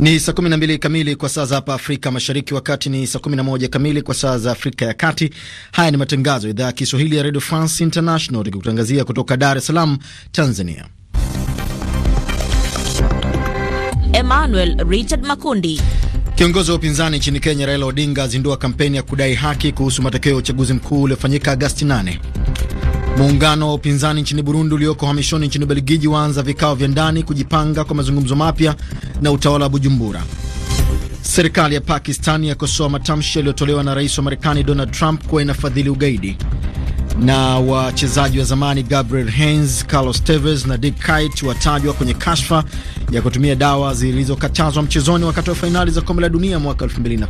Ni saa 12 kamili kwa saa za hapa Afrika Mashariki, wakati ni saa 11 kamili kwa saa za Afrika ya Kati. Haya ni matangazo ya idhaa ya Kiswahili ya Radio France International, ikikutangazia kutoka Dar es Salaam, Tanzania. Emmanuel Richard Makundi. Kiongozi wa upinzani nchini Kenya Raila Odinga azindua kampeni ya kudai haki kuhusu matokeo ya uchaguzi mkuu uliofanyika Agasti 8. Muungano wa upinzani nchini Burundi ulioko hamishoni nchini Ubelgiji waanza vikao vya ndani kujipanga kwa mazungumzo mapya na utawala wa Bujumbura. Serikali ya Pakistan yakosoa matamshi yaliyotolewa na rais wa Marekani Donald Trump kuwa inafadhili ugaidi. Na wachezaji wa zamani Gabriel Heinz, Carlos Tevez na Dick Kite watajwa kwenye kashfa ya kutumia dawa zilizokatazwa mchezoni wakati wa fainali za kombe la dunia mwaka 2010.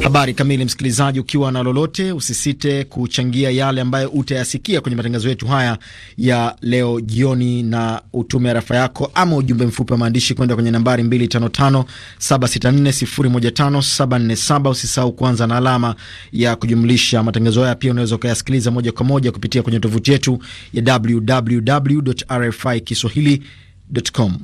Habari kamili, msikilizaji, ukiwa na lolote usisite kuchangia yale ambayo utayasikia kwenye matangazo yetu haya ya leo jioni, na utume arafa yako ama ujumbe mfupi wa maandishi kwenda kwenye nambari 255764015747. Usisahau kuanza na alama ya kujumlisha. Matangazo haya pia unaweza ukayasikiliza moja kwa moja kupitia kwenye tovuti yetu ya www.rfikiswahili.com. kiswahili.com.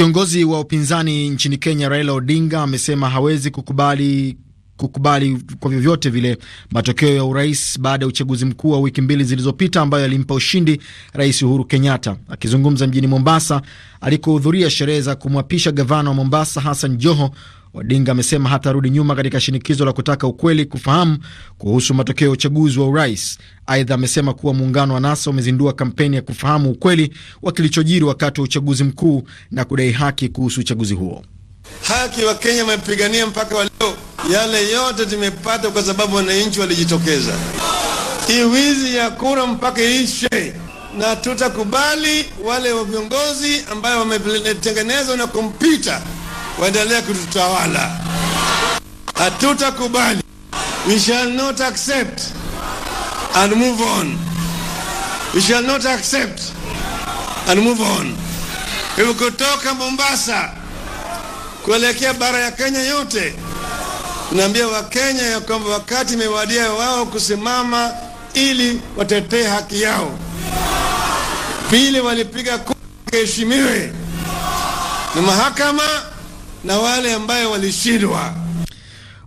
Kiongozi wa upinzani nchini Kenya Raila Odinga amesema hawezi kukubali kukubali kwa vyovyote vile matokeo ya urais baada ya uchaguzi mkuu wa wiki mbili zilizopita ambayo alimpa ushindi Rais Uhuru Kenyatta. Akizungumza mjini Mombasa alikohudhuria sherehe za kumwapisha gavana wa Mombasa Hassan Joho, Odinga amesema hatarudi nyuma katika shinikizo la kutaka ukweli kufahamu kuhusu matokeo ya uchaguzi wa urais. Aidha, amesema kuwa muungano wa NASA umezindua kampeni ya kufahamu ukweli wa kilichojiri wakati wa uchaguzi mkuu na kudai haki kuhusu uchaguzi huo. Haki wa Kenya wamepigania mpaka wa leo, yale yote tumepata kwa sababu wananchi walijitokeza. Hii wizi ya kura mpaka ishe, na tutakubali wale wa viongozi ambayo wametengenezwa na kompyuta waendelee kututawala. Hatutakubali, we shall not accept and move on, we shall not accept and move on. Hivyo kutoka Mombasa kuelekea bara ya Kenya yote tunaambia Wakenya ya kwamba wakati imewadia wao kusimama ili watetee haki yao. Pili, walipiga kura waheshimiwe na mahakama na wale ambayo walishindwa.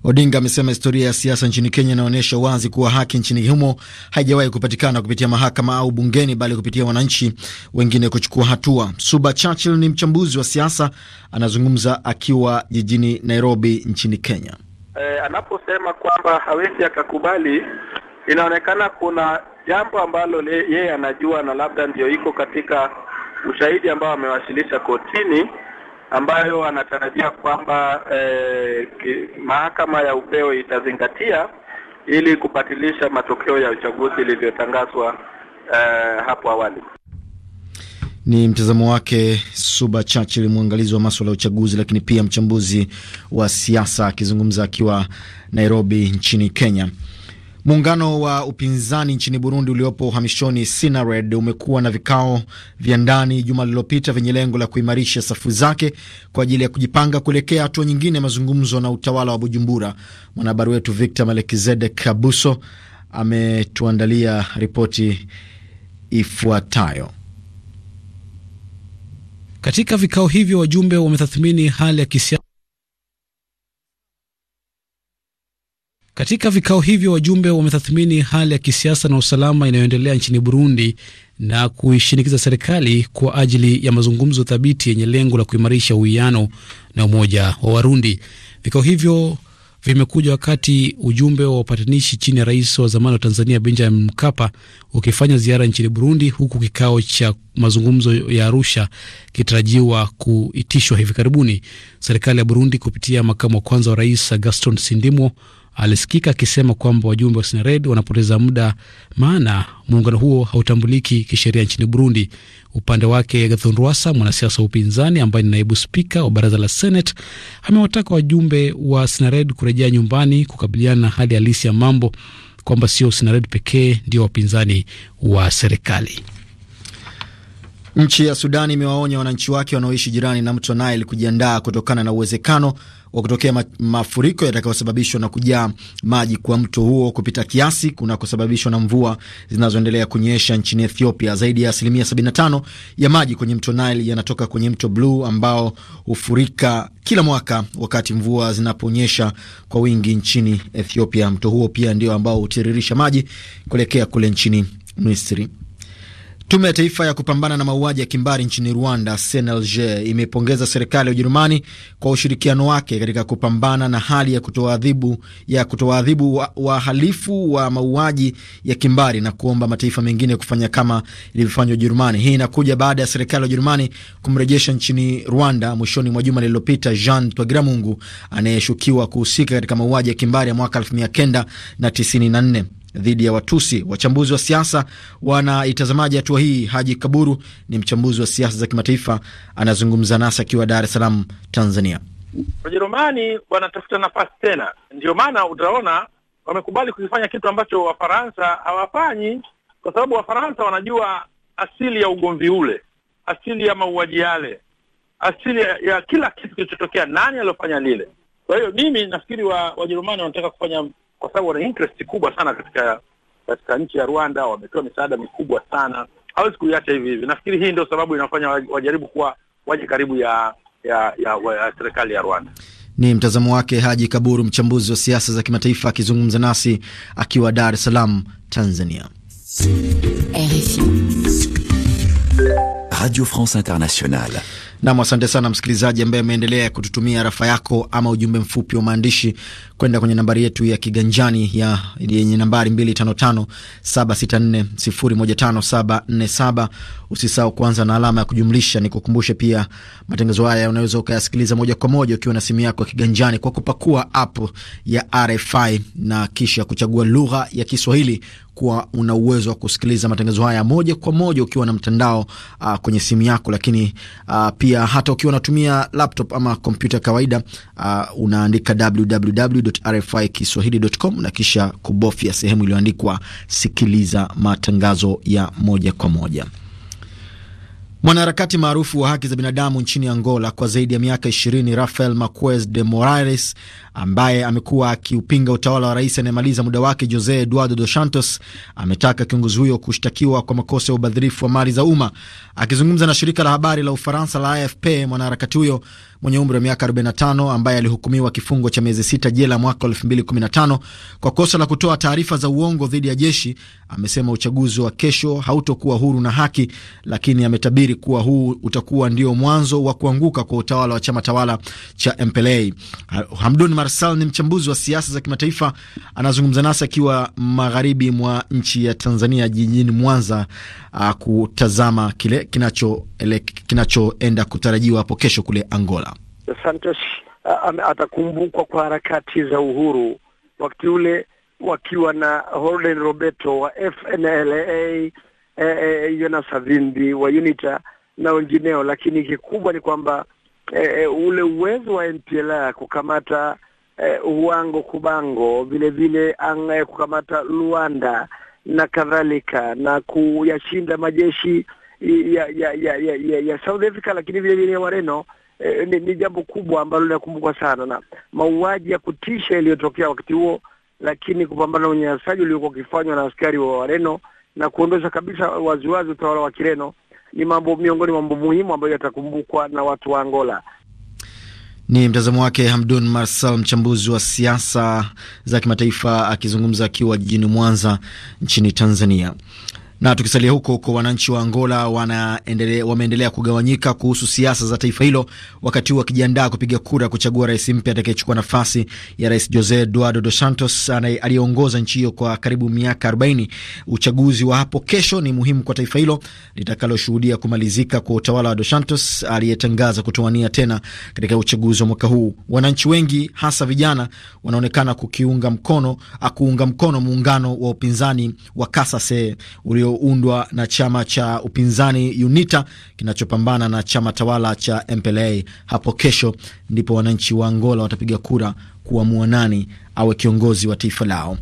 Odinga amesema historia ya siasa nchini Kenya inaonyesha wazi kuwa haki nchini humo haijawahi kupatikana kupitia mahakama au bungeni, bali kupitia wananchi wengine kuchukua hatua. Suba Churchill ni mchambuzi wa siasa, anazungumza akiwa jijini Nairobi nchini Kenya. E, anaposema kwamba hawezi akakubali, inaonekana kuna jambo ambalo yeye anajua na labda ndio iko katika ushahidi ambao amewasilisha kotini ambayo anatarajia kwamba eh, mahakama ya upeo itazingatia ili kupatilisha matokeo ya uchaguzi ilivyotangazwa eh, hapo awali. Ni mtazamo wake Suba Churchill, mwangalizi wa maswala ya uchaguzi, lakini pia mchambuzi wa siasa, akizungumza akiwa Nairobi nchini Kenya. Muungano wa upinzani nchini Burundi uliopo uhamishoni Sinared umekuwa na vikao vya ndani juma lililopita vyenye lengo la kuimarisha safu zake kwa ajili ya kujipanga kuelekea hatua nyingine ya mazungumzo na utawala wa Bujumbura. Mwanahabari wetu Victor Melekizedek Kabuso ametuandalia ripoti ifuatayo. Katika vikao hivyo wajumbe wametathmini hali ya kisiasa Katika vikao hivyo wajumbe wametathmini hali ya kisiasa na usalama inayoendelea nchini Burundi na kuishinikiza serikali kwa ajili ya mazungumzo thabiti yenye lengo la kuimarisha uwiano na umoja wa Warundi. Vikao hivyo vimekuja wakati ujumbe wa upatanishi chini ya rais wa zamani wa Tanzania Benjamin Mkapa ukifanya ziara nchini Burundi, huku kikao cha mazungumzo ya Arusha kitarajiwa kuitishwa hivi karibuni. Serikali ya Burundi kupitia makamu wa kwanza wa rais Gaston sindimo alisikika akisema kwamba wajumbe wa snared wanapoteza muda, maana muungano huo hautambuliki kisheria nchini Burundi. Upande wake, Agathon Rwasa, mwanasiasa wa upinzani ambaye ni naibu spika wa baraza la Senate, amewataka wajumbe wa snared kurejea nyumbani kukabiliana na hali halisi ya mambo, kwamba sio snared pekee ndio wapinzani wa serikali. Nchi ya Sudani imewaonya wananchi wake wanaoishi jirani na mto Nile kujiandaa kutokana na uwezekano wa kutokea mafuriko yatakayosababishwa na kujaa maji kwa mto huo kupita kiasi kunakosababishwa na mvua zinazoendelea kunyesha nchini Ethiopia. Zaidi ya asilimia 75 ya maji kwenye mto Nile yanatoka kwenye mto Blue ambao hufurika kila mwaka wakati mvua zinaponyesha kwa wingi nchini Ethiopia. Mto huo pia ndio ambao hutiririsha maji kuelekea kule nchini Misri. Tume ya Taifa ya Kupambana na Mauaji ya Kimbari nchini Rwanda, CNLG, imepongeza serikali ya Ujerumani kwa ushirikiano wake katika kupambana na hali ya kutoadhibu ya kutoadhibu wahalifu wa, wa mauaji ya kimbari na kuomba mataifa mengine kufanya kama ilivyofanywa Ujerumani. Hii inakuja baada ya serikali ya Ujerumani kumrejesha nchini Rwanda mwishoni mwa juma lililopita Jean Twagiramungu anayeshukiwa kuhusika katika mauaji ya kimbari ya mwaka 1994 dhidi ya Watusi. Wachambuzi wa siasa wanaitazamaji hatua hii. Haji Kaburu ni mchambuzi wa siasa za kimataifa, anazungumza nasi akiwa Dar es Salaam, Tanzania. Wajerumani wanatafuta nafasi tena, ndio maana utaona wamekubali kukifanya kitu ambacho Wafaransa hawafanyi, kwa sababu Wafaransa wanajua asili ya ugomvi ule, asili ya mauaji yale, asili ya, ya kila kitu kilichotokea, nani aliyofanya lile. Kwa hiyo mimi nafikiri Wajerumani wa wanataka kufanya kwa sababu wana interest kubwa sana katika katika nchi ya Rwanda, wamepewa misaada mikubwa sana, hawezi kuiacha hivi hivi. Nafikiri hii ndio sababu inafanya wajaribu kuwa waje karibu ya ya, ya, ya serikali ya Rwanda. Ni mtazamo wake Haji Kaburu, mchambuzi wa siasa za kimataifa akizungumza nasi akiwa Dar es Salaam, Tanzania. RFI Radio France Internationale. Nam, asante sana msikilizaji ambaye ameendelea kututumia rafa yako ama ujumbe mfupi wa maandishi kwenda kwenye nambari yetu ya kiganjani ya yenye nambari 255764015747. Usisahau kuanza na alama ya kujumlisha. Nikukumbushe pia matangazo haya unaweza ukayasikiliza moja kwa moja ukiwa na simu yako ya kiganjani kwa kupakua app ya RFI na kisha kuchagua lugha ya Kiswahili kuwa una uwezo wa kusikiliza matangazo haya moja kwa moja ukiwa na mtandao uh, kwenye simu yako, lakini uh, pia hata ukiwa unatumia laptop ama kompyuta kawaida uh, unaandika www Kiswahili.com na kisha kubofya sehemu iliyoandikwa sikiliza matangazo ya moja kwa moja. Mwanaharakati maarufu wa haki za binadamu nchini Angola kwa zaidi ya miaka 20 Rafael Marques de morales ambaye amekuwa akiupinga utawala wa rais anayemaliza muda wake Jose Eduardo Dos Santos ametaka kiongozi huyo kushtakiwa kwa makosa ya ubadhirifu wa mali za umma. Akizungumza na shirika la habari la Ufaransa la AFP, mwanaharakati huyo mwenye umri wa miaka 45 ambaye alihukumiwa kifungo cha miezi sita jela mwaka 2015 kwa kosa la kutoa taarifa za uongo dhidi ya jeshi, amesema uchaguzi wa kesho hautokuwa huru na haki, lakini ametabiri kuwa huu utakuwa ndio mwanzo wa kuanguka kwa utawala wa chama tawala cha MPLA. Hamdun Marsal ni mchambuzi wa siasa za kimataifa, anazungumza nasi akiwa magharibi mwa nchi ya Tanzania, jijini Mwanza, uh, kutazama kile kinachoenda kinacho kutarajiwa hapo kesho kule Angola. Santos uh, atakumbukwa kwa harakati za uhuru wakati ule wakiwa na Holden Roberto wa FNLA, e, Jonas Savimbi wa UNITA na wengineo, lakini kikubwa ni kwamba E, ule uwezo wa MPLA kukamata eh, Wango Kubango, vilevile ya kukamata Luanda na kadhalika na kuyashinda majeshi ya ya ya, ya, ya, ya South Africa, lakini vile vile ya Wareno eh, ni, ni jambo kubwa ambalo linakumbukwa sana na mauaji ya kutisha yaliyotokea wakati huo, lakini kupambana na unyanyasaji uliokuwa ukifanywa na askari wa Wareno na kuondosha kabisa waziwazi utawala wa Kireno ni mambo miongoni mwa mambo muhimu ambayo yatakumbukwa na watu wa Angola. Ni mtazamo wake Hamdun Marsal, mchambuzi wa siasa za kimataifa, akizungumza akiwa jijini Mwanza nchini Tanzania. Na tukisalia huko huko, wananchi wa Angola wameendelea kugawanyika kuhusu siasa za taifa hilo, wakati huu wakijiandaa kupiga kura kuchagua rais mpya atakayechukua nafasi ya rais Jose Eduardo dos Santos aliyeongoza nchi hiyo kwa karibu miaka 40. Uchaguzi wa hapo kesho ni muhimu kwa taifa hilo litakaloshuhudia kumalizika kwa utawala wa dos Santos aliyetangaza kutowania tena katika uchaguzi wa mwaka huu. Wananchi wengi hasa vijana wanaonekana kukiunga mkono, kuunga mkono muungano wa upinzani wa Kasase ulio kilichoundwa na chama cha upinzani UNITA kinachopambana na chama tawala cha MPLA. Hapo kesho ndipo wananchi wa Angola watapiga kura kuamua nani awe kiongozi wa taifa lao.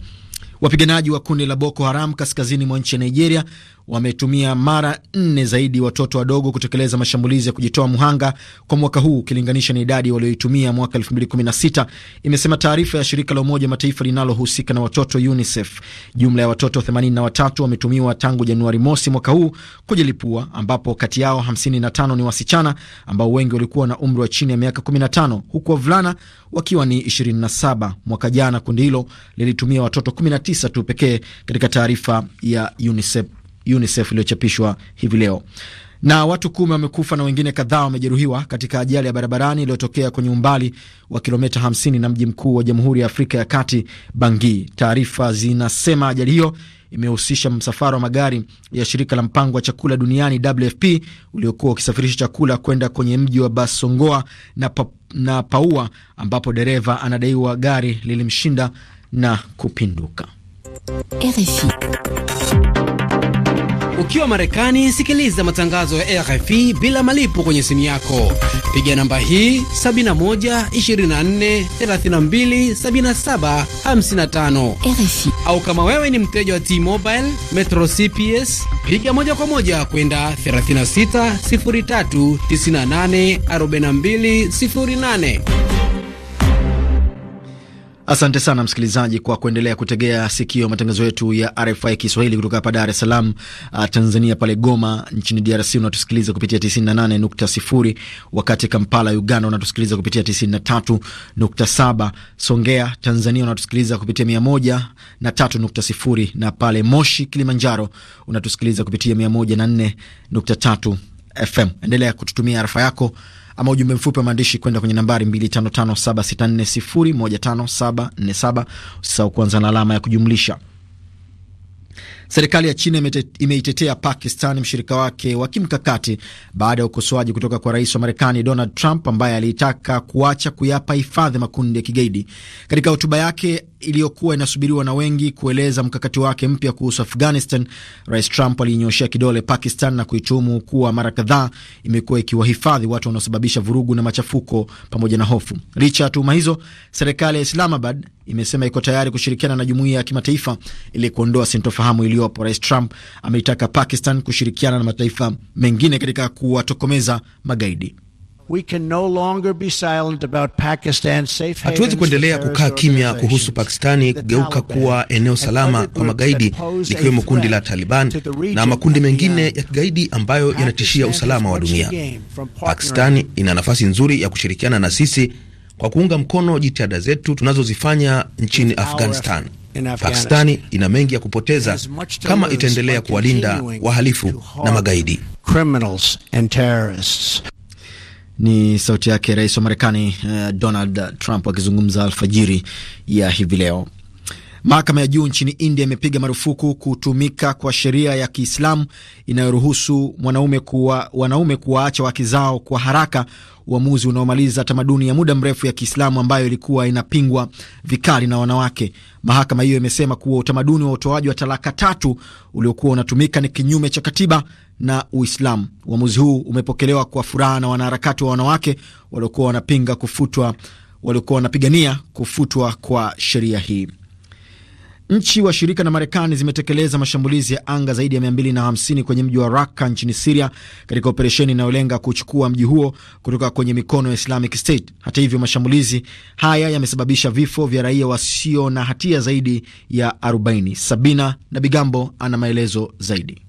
Wapiganaji wa kundi la Boko Haram kaskazini mwa nchi ya Nigeria wametumia mara nne zaidi watoto wadogo kutekeleza mashambulizi ya kujitoa muhanga kwa mwaka huu ukilinganisha na idadi walioitumia mwaka 2016, imesema taarifa ya shirika la Umoja Mataifa linalohusika na watoto UNICEF. Jumla ya watoto 83 wametumiwa tangu Januari mosi mwaka huu kujilipua, ambapo kati yao 55 ni wasichana ambao wengi walikuwa na umri wa chini ya miaka 15, huku wavulana wakiwa ni 27. Mwaka jana kundi hilo lilitumia watoto 19 tu pekee katika taarifa ya UNICEF. UNICEF iliyochapishwa hivi leo. Na watu kumi wamekufa na wengine kadhaa wamejeruhiwa katika ajali ya barabarani iliyotokea kwenye umbali wa kilomita 50 na mji mkuu wa Jamhuri ya Afrika ya Kati, Bangui. Taarifa zinasema ajali hiyo imehusisha msafara wa magari ya shirika la mpango wa chakula duniani WFP uliokuwa ukisafirisha chakula kwenda kwenye mji wa Basongoa na, pa, na Paua ambapo dereva anadaiwa gari lilimshinda na kupinduka. RFI. Ukiwa Marekani, sikiliza matangazo ya RFI bila malipo kwenye simu yako. Piga namba hii 7124327755 RFI. Au kama wewe ni mteja wa T-Mobile Metro CPS, piga moja kwa moja kwenda 36 03 98 42 08. Asante sana msikilizaji kwa kuendelea kutegea sikio matangazo yetu ya RFI Kiswahili kutoka hapa Dar es Salaam, uh, Tanzania. Pale Goma nchini DRC unatusikiliza kupitia 98.0, wakati Kampala, Uganda unatusikiliza kupitia 93.7, Songea, Tanzania unatusikiliza kupitia 103.0, na pale Moshi, Kilimanjaro unatusikiliza kupitia 104.3 FM. Endelea kututumia arfa yako ama ujumbe mfupi wa maandishi kwenda kwenye nambari 255764015747 usisahau kuanza na alama ya kujumlisha. Serikali ya China imeitetea Pakistan, mshirika wake wa kimkakati, baada ya ukosoaji kutoka kwa rais wa Marekani Donald Trump ambaye aliitaka kuacha kuyapa hifadhi makundi ya kigaidi. Katika hotuba yake iliyokuwa inasubiriwa na wengi kueleza mkakati wake mpya kuhusu Afghanistan, Rais Trump aliinyoshea kidole Pakistan na kuituhumu kuwa mara kadhaa imekuwa ikiwahifadhi watu wanaosababisha vurugu na machafuko pamoja na hofu. Licha ya tuhuma hizo, serikali ya Islamabad imesema iko tayari kushirikiana na jumuiya ya kimataifa ili kuondoa sintofahamu iliyopo. Rais Trump ameitaka Pakistan kushirikiana na mataifa mengine katika kuwatokomeza magaidi. Hatuwezi kuendelea kukaa kimya kuhusu Pakistani kugeuka kuwa eneo salama kwa magaidi, likiwemo kundi la Taliban na makundi mengine ya kigaidi ambayo yanatishia usalama wa dunia. Pakistani ina nafasi nzuri ya kushirikiana na sisi kwa kuunga mkono jitihada zetu tunazozifanya nchini Afghanistan. Pakistani ina mengi ya kupoteza kama itaendelea kuwalinda wahalifu na magaidi. Criminals and terrorists. Ni sauti yake rais wa Marekani uh, Donald Trump akizungumza alfajiri ya hivi leo. Mahakama ya juu nchini India imepiga marufuku kutumika kwa sheria ya Kiislamu inayoruhusu wanaume kuwa wanaume kuwaacha wake zao kwa haraka, uamuzi unaomaliza tamaduni ya muda mrefu ya Kiislamu ambayo ilikuwa inapingwa vikali na wanawake. Mahakama hiyo imesema kuwa utamaduni wa utoaji wa talaka tatu uliokuwa unatumika ni kinyume cha katiba na Uislamu. Uamuzi huu umepokelewa kwa furaha na wanaharakati wa wanawake waliokuwa wanapinga kufutwa waliokuwa wanapigania kufutwa kwa sheria hii. Nchi washirika na Marekani zimetekeleza mashambulizi ya anga zaidi ya 250 kwenye mji wa Raka nchini Siria katika operesheni inayolenga kuchukua mji huo kutoka kwenye mikono ya Islamic State. Hata hivyo, mashambulizi haya yamesababisha vifo vya raia wasio na hatia zaidi ya 40. Sabina na Bigambo ana maelezo zaidi.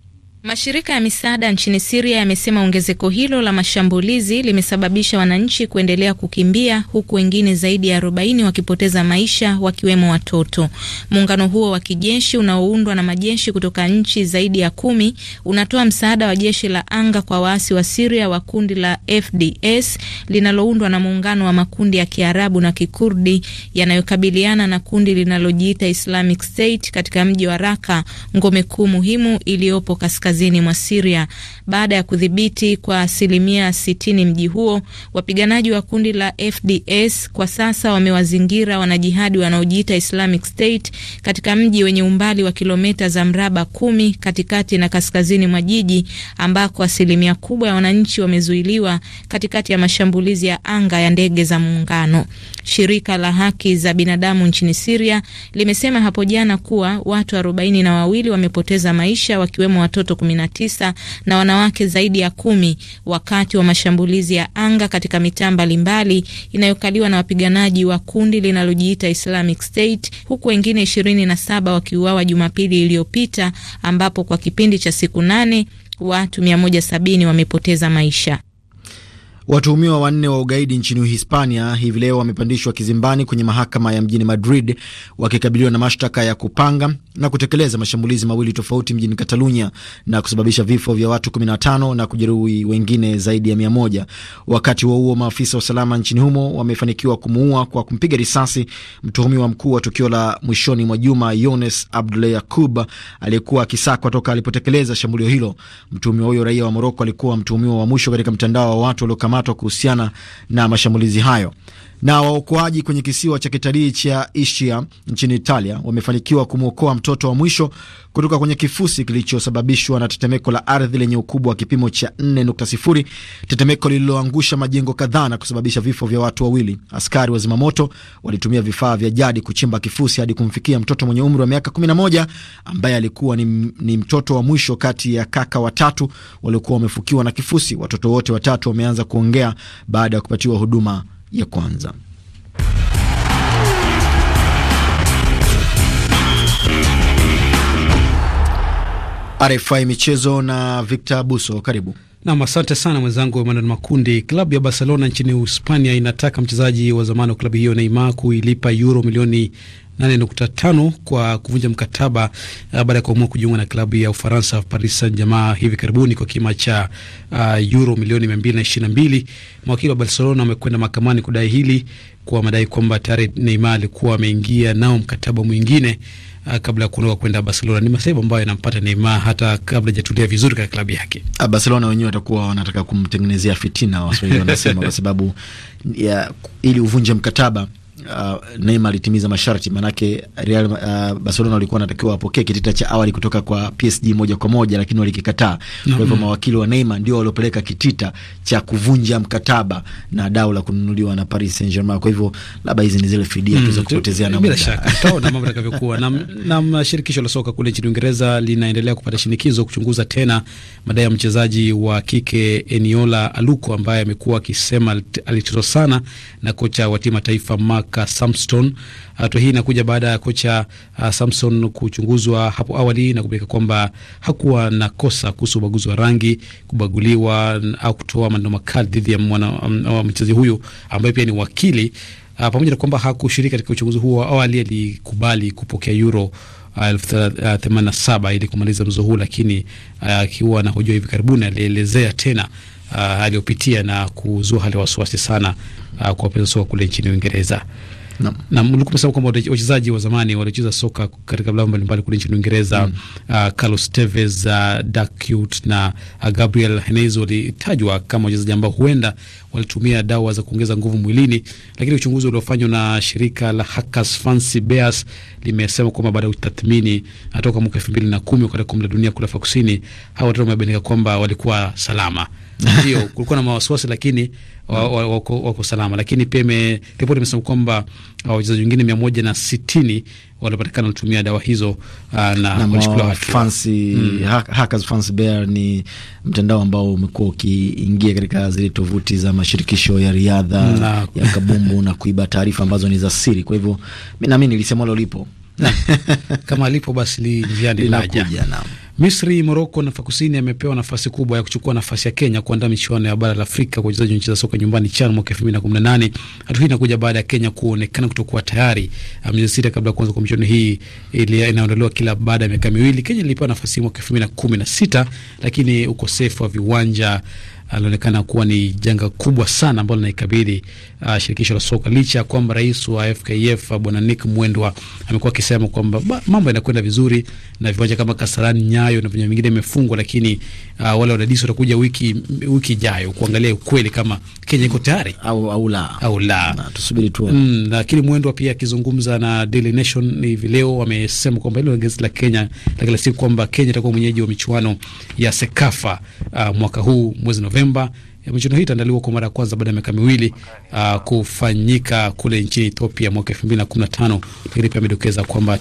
Mashirika ya misaada nchini Siria yamesema ongezeko hilo la mashambulizi limesababisha wananchi kuendelea kukimbia huku wengine zaidi ya 40 wakipoteza maisha wakiwemo watoto. Muungano huo wa kijeshi unaoundwa na majeshi kutoka nchi zaidi ya kumi unatoa msaada wa jeshi la anga kwa waasi wa Siria wa kundi la FDS linaloundwa na muungano wa makundi ya Kiarabu na Kikurdi yanayokabiliana na kundi linalojiita Islamic State katika mji wa Raka, ngome kuu muhimu iliyopo kaskazini kaskazini mwa Siria. Baada ya kudhibiti kwa asilimia 60 mji huo, wapiganaji wa kundi la FDS kwa sasa wamewazingira wanajihadi wanaojiita Islamic State katika mji wenye umbali wa kilomita za mraba kumi katikati na kaskazini mwa jiji ambako asilimia kubwa ya wananchi wamezuiliwa katikati ya mashambulizi ya anga ya ndege za muungano. Shirika la haki za binadamu nchini Siria limesema hapo jana kuwa watu arobaini na wawili wamepoteza maisha wakiwemo watoto 19 na wanawake zaidi ya kumi wakati wa mashambulizi ya anga katika mitaa mbalimbali inayokaliwa na wapiganaji wa kundi linalojiita Islamic State huku wengine 27 wakiuawa Jumapili iliyopita ambapo kwa kipindi cha siku nane watu 170 wamepoteza maisha. Watuhumiwa wanne wa ugaidi nchini Uhispania hivi leo wamepandishwa kizimbani kwenye mahakama ya mjini Madrid wakikabiliwa na mashtaka ya kupanga, na kutekeleza mashambulizi mawili tofauti mjini Katalunya na kusababisha vifo vya watu 15 na kujeruhi wengine zaidi ya 100. Wakati huo huo, maafisa wa usalama nchini humo wamefanikiwa kumuua kwa kumpiga risasi mtuhumiwa mkuu wa tukio la mwishoni mwa juma yones Abdul Yakub aliyekuwa akisakwa toka alipotekeleza shambulio hilo. Mtuhumiwa huyo raia wa Moroko alikuwa mtuhumiwa wa mwisho katika mtandao wa watu waliokamatwa kuhusiana na mashambulizi hayo. Na waokoaji kwenye kisiwa cha kitalii cha Ischia nchini Italia wamefanikiwa kumwokoa mtoto wa mwisho kutoka kwenye kifusi kilichosababishwa na tetemeko la ardhi lenye ukubwa wa kipimo cha 4.0, tetemeko lililoangusha majengo kadhaa na kusababisha vifo vya watu wawili. Askari wa zimamoto walitumia vifaa vya jadi kuchimba kifusi hadi kumfikia mtoto mwenye umri wa miaka 11 ambaye alikuwa ni, ni mtoto wa mwisho kati ya kaka watatu waliokuwa wamefukiwa na kifusi. Watoto wote watatu wameanza kuongea baada ya kupatiwa huduma ya kwanza. RFI Michezo na Victor Buso, karibu. Nam, asante sana mwenzangu Emanuel Makundi. Klabu ya Barcelona nchini Hispania inataka mchezaji wa zamani wa klabu hiyo Neymar kuilipa euro milioni 8.5 kwa kuvunja mkataba uh, baada ya kuamua kujiunga na klabu ya Ufaransa Paris Saint-Germain hivi karibuni kwa kima cha uh, euro milioni 222. Mawakili wa Barcelona wamekwenda mahakamani kudai hili kwa madai kwamba tayari Neymar alikuwa ameingia nao mkataba mwingine uh, kabla ya kuondoka kwenda Barcelona. Ni masaibu ambayo yanampata Neymar hata kabla hajatulia vizuri katika klabu yake. Ah, Barcelona wenyewe watakuwa wanataka kumtengenezea fitina, Waswahili wanasema, kwa sababu ya ili uvunje mkataba uh, Neymar alitimiza masharti manake Real uh, Barcelona walikuwa wanatakiwa wapokee kitita cha awali kutoka kwa PSG moja kwa moja, lakini walikikataa. Kwa hivyo mhm. mawakili wa Neymar ndio waliopeleka kitita cha kuvunja mkataba na dau la kununuliwa na Paris Saint-Germain. Kwa hivyo labda hizi ni zile fidia mm, za kupotezea na bila shaka tutaona mambo yatakavyokuwa. Na, na shirikisho la soka kule nchini Uingereza linaendelea kupata shinikizo kuchunguza tena madai ya mchezaji wa kike Eniola Aluko ambaye amekuwa akisema sana na kocha wa timu taifa Mark Mark Samson. Hatua ah, hii inakuja baada ya kocha uh, Samson kuchunguzwa hapo awali na kupeleka kwamba hakuwa na kosa kuhusu ubaguzi wa rangi, kubaguliwa au kutoa maneno makali dhidi ya mwana mm, mchezaji huyu ambaye pia ni wakili uh, pamoja na kwamba hakushiriki katika uchunguzi huo. wa Awali alikubali kupokea euro Uh, elfu themanini na saba ili kumaliza mzozo huu, lakini akiwa uh, na hoja hivi karibuni alielezea tena uh, aliyopitia na kuzua hali ya wasiwasi sana uh, kwa wapenzi soka kule nchini Uingereza. No. Na mlikuwa msema kwamba wachezaji wa zamani waliocheza soka katika vilabu mbalimbali kule nchini Uingereza mm. Uh, Carlos Tevez, uh, Dirk Kuyt na uh, Gabriel Henez walitajwa kama wachezaji ambao huenda walitumia dawa za kuongeza nguvu mwilini, lakini uchunguzi uliofanywa na shirika la Hackers Fancy Bears limesema kwamba baada ya utathmini uh, toka mwaka elfu mbili na kumi wakati kombe la dunia kule Afrika Kusini, hao watatu wamebainika kwamba walikuwa salama ndio kulikuwa na mawasiwasi, lakini wako wa, wa, wa salama. Lakini pia ripoti imesema kwamba uh, wachezaji wengine mia moja na sitini waliopatikana walitumia dawa hizo uh, na walishukuliwa. Fancy mm. Hackers Fancy Bear ni mtandao ambao umekuwa ukiingia katika zile tovuti za mashirikisho ya riadha na ya kabumbu na kuiba taarifa ambazo ni za siri. Kwa hivyo mi naamini lisema lipo kama lipo basi li njiani linakuja. Naam. Misri, Moroko na Afrika Kusini amepewa nafasi kubwa ya kuchukua nafasi ya Kenya kuandaa michuano ya bara la Afrika kwa wachezaji za soka nyumbani CHAN mwaka nane. Hatua hii inakuja baada ya Kenya kuonekana kutokuwa tayari uh, miezi sita kabla ya kuanza kwa michuano hii inaondolewa kila baada ya miaka miwili. Kenya ilipewa nafasi mwaka sita lakini ukosefu wa viwanja alionekana kuwa ni janga kubwa sana ambalo linaikabili uh, shirikisho la soka, licha ya kwamba rais wa FKF uh, bwana Nick Mwendwa amekuwa akisema kwamba mambo yanakwenda vizuri na viwanja kama Kasarani, Nyayo na viwanja vingine vimefungwa, lakini uh, wale wadadisi watakuja wiki wiki ijayo kuangalia ukweli kama Kenya iko tayari au au la au la, na tusubiri tu. Mm, lakini Mwendwa pia akizungumza na Daily Nation hivi leo wamesema kwamba ile gazeti la Kenya la kila siku kwamba Kenya itakuwa mwenyeji wa michuano ya Sekafa uh, mwaka huu mwezi Novemba Novemba. Eh, michuano hii itaandaliwa kwa mara ya kwanza baada ya miaka miwili uh, kufanyika kule nchini Ethiopia mwaka 2015. Lakini pia amedokeza kwamba uh,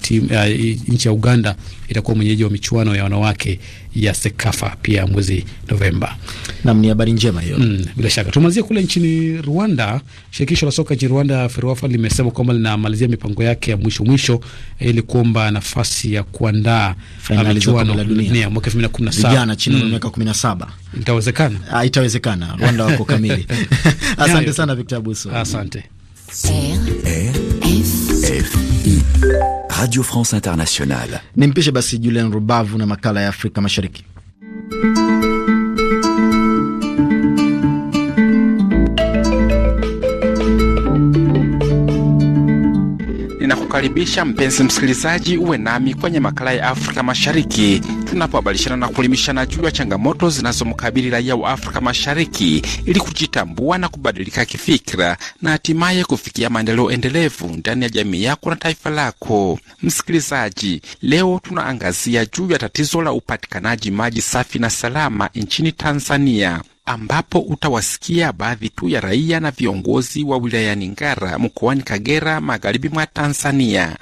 nchi ya Uganda itakuwa mwenyeji wa michuano ya wanawake ya Sekafa pia mwezi Novemba. Nam, ni habari njema hiyo. Mm, bila shaka tumalizie kule nchini Rwanda. Shirikisho la soka nchini Rwanda FERWAFA limesema kwamba linamalizia mipango yake ya mwisho mwisho eh, ili kuomba nafasi ya kuandaa eh, michuano ya dunia mwaka elfu mbili na kumi 2017 vijana chini ya mm. miaka kumi na saba Itawezekana? Ah, itawezekana. Rwanda wako kamili. Asante sana Victor Abuso, Asante. Radio France Internationale. Nimpishe basi Julian Rubavu na makala ya Afrika Mashariki. kukaribisha mpenzi msikilizaji uwe nami kwenye makala ya Afrika Mashariki tunapobadilishana na kuelimishana juu ya changamoto zinazomkabili raia wa Afrika Mashariki ili kujitambua na kubadilika kifikra na hatimaye kufikia maendeleo endelevu ndani ya jamii yako na taifa lako. Msikilizaji, leo tunaangazia juu ya tatizo la upatikanaji maji safi na salama nchini Tanzania ambapo utawasikia baadhi tu ya raia na viongozi wa wilayani Ngara mkoani Kagera magharibi mwa Tanzania.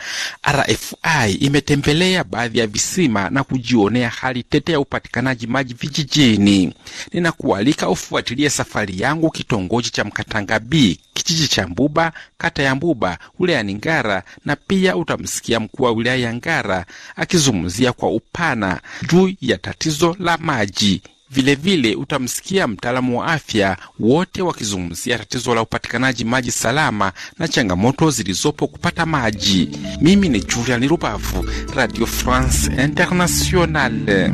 RFI imetembelea baadhi ya visima na kujionea hali tete ya upatikanaji maji vijijini. Ninakualika ufuatilie safari yangu kitongoji cha Mkatanga B, kijiji cha Mbuba, kata ya Mbuba wilayani Ngara, na pia utamsikia mkuu wa wilaya ya Ngara akizungumzia kwa upana juu ya tatizo la maji. Vilevile utamsikia mtaalamu wa afya wote wakizungumzia tatizo la upatikanaji maji salama na changamoto zilizopo kupata maji. Mimi ni Julian Rubavu, Radio France Internationale.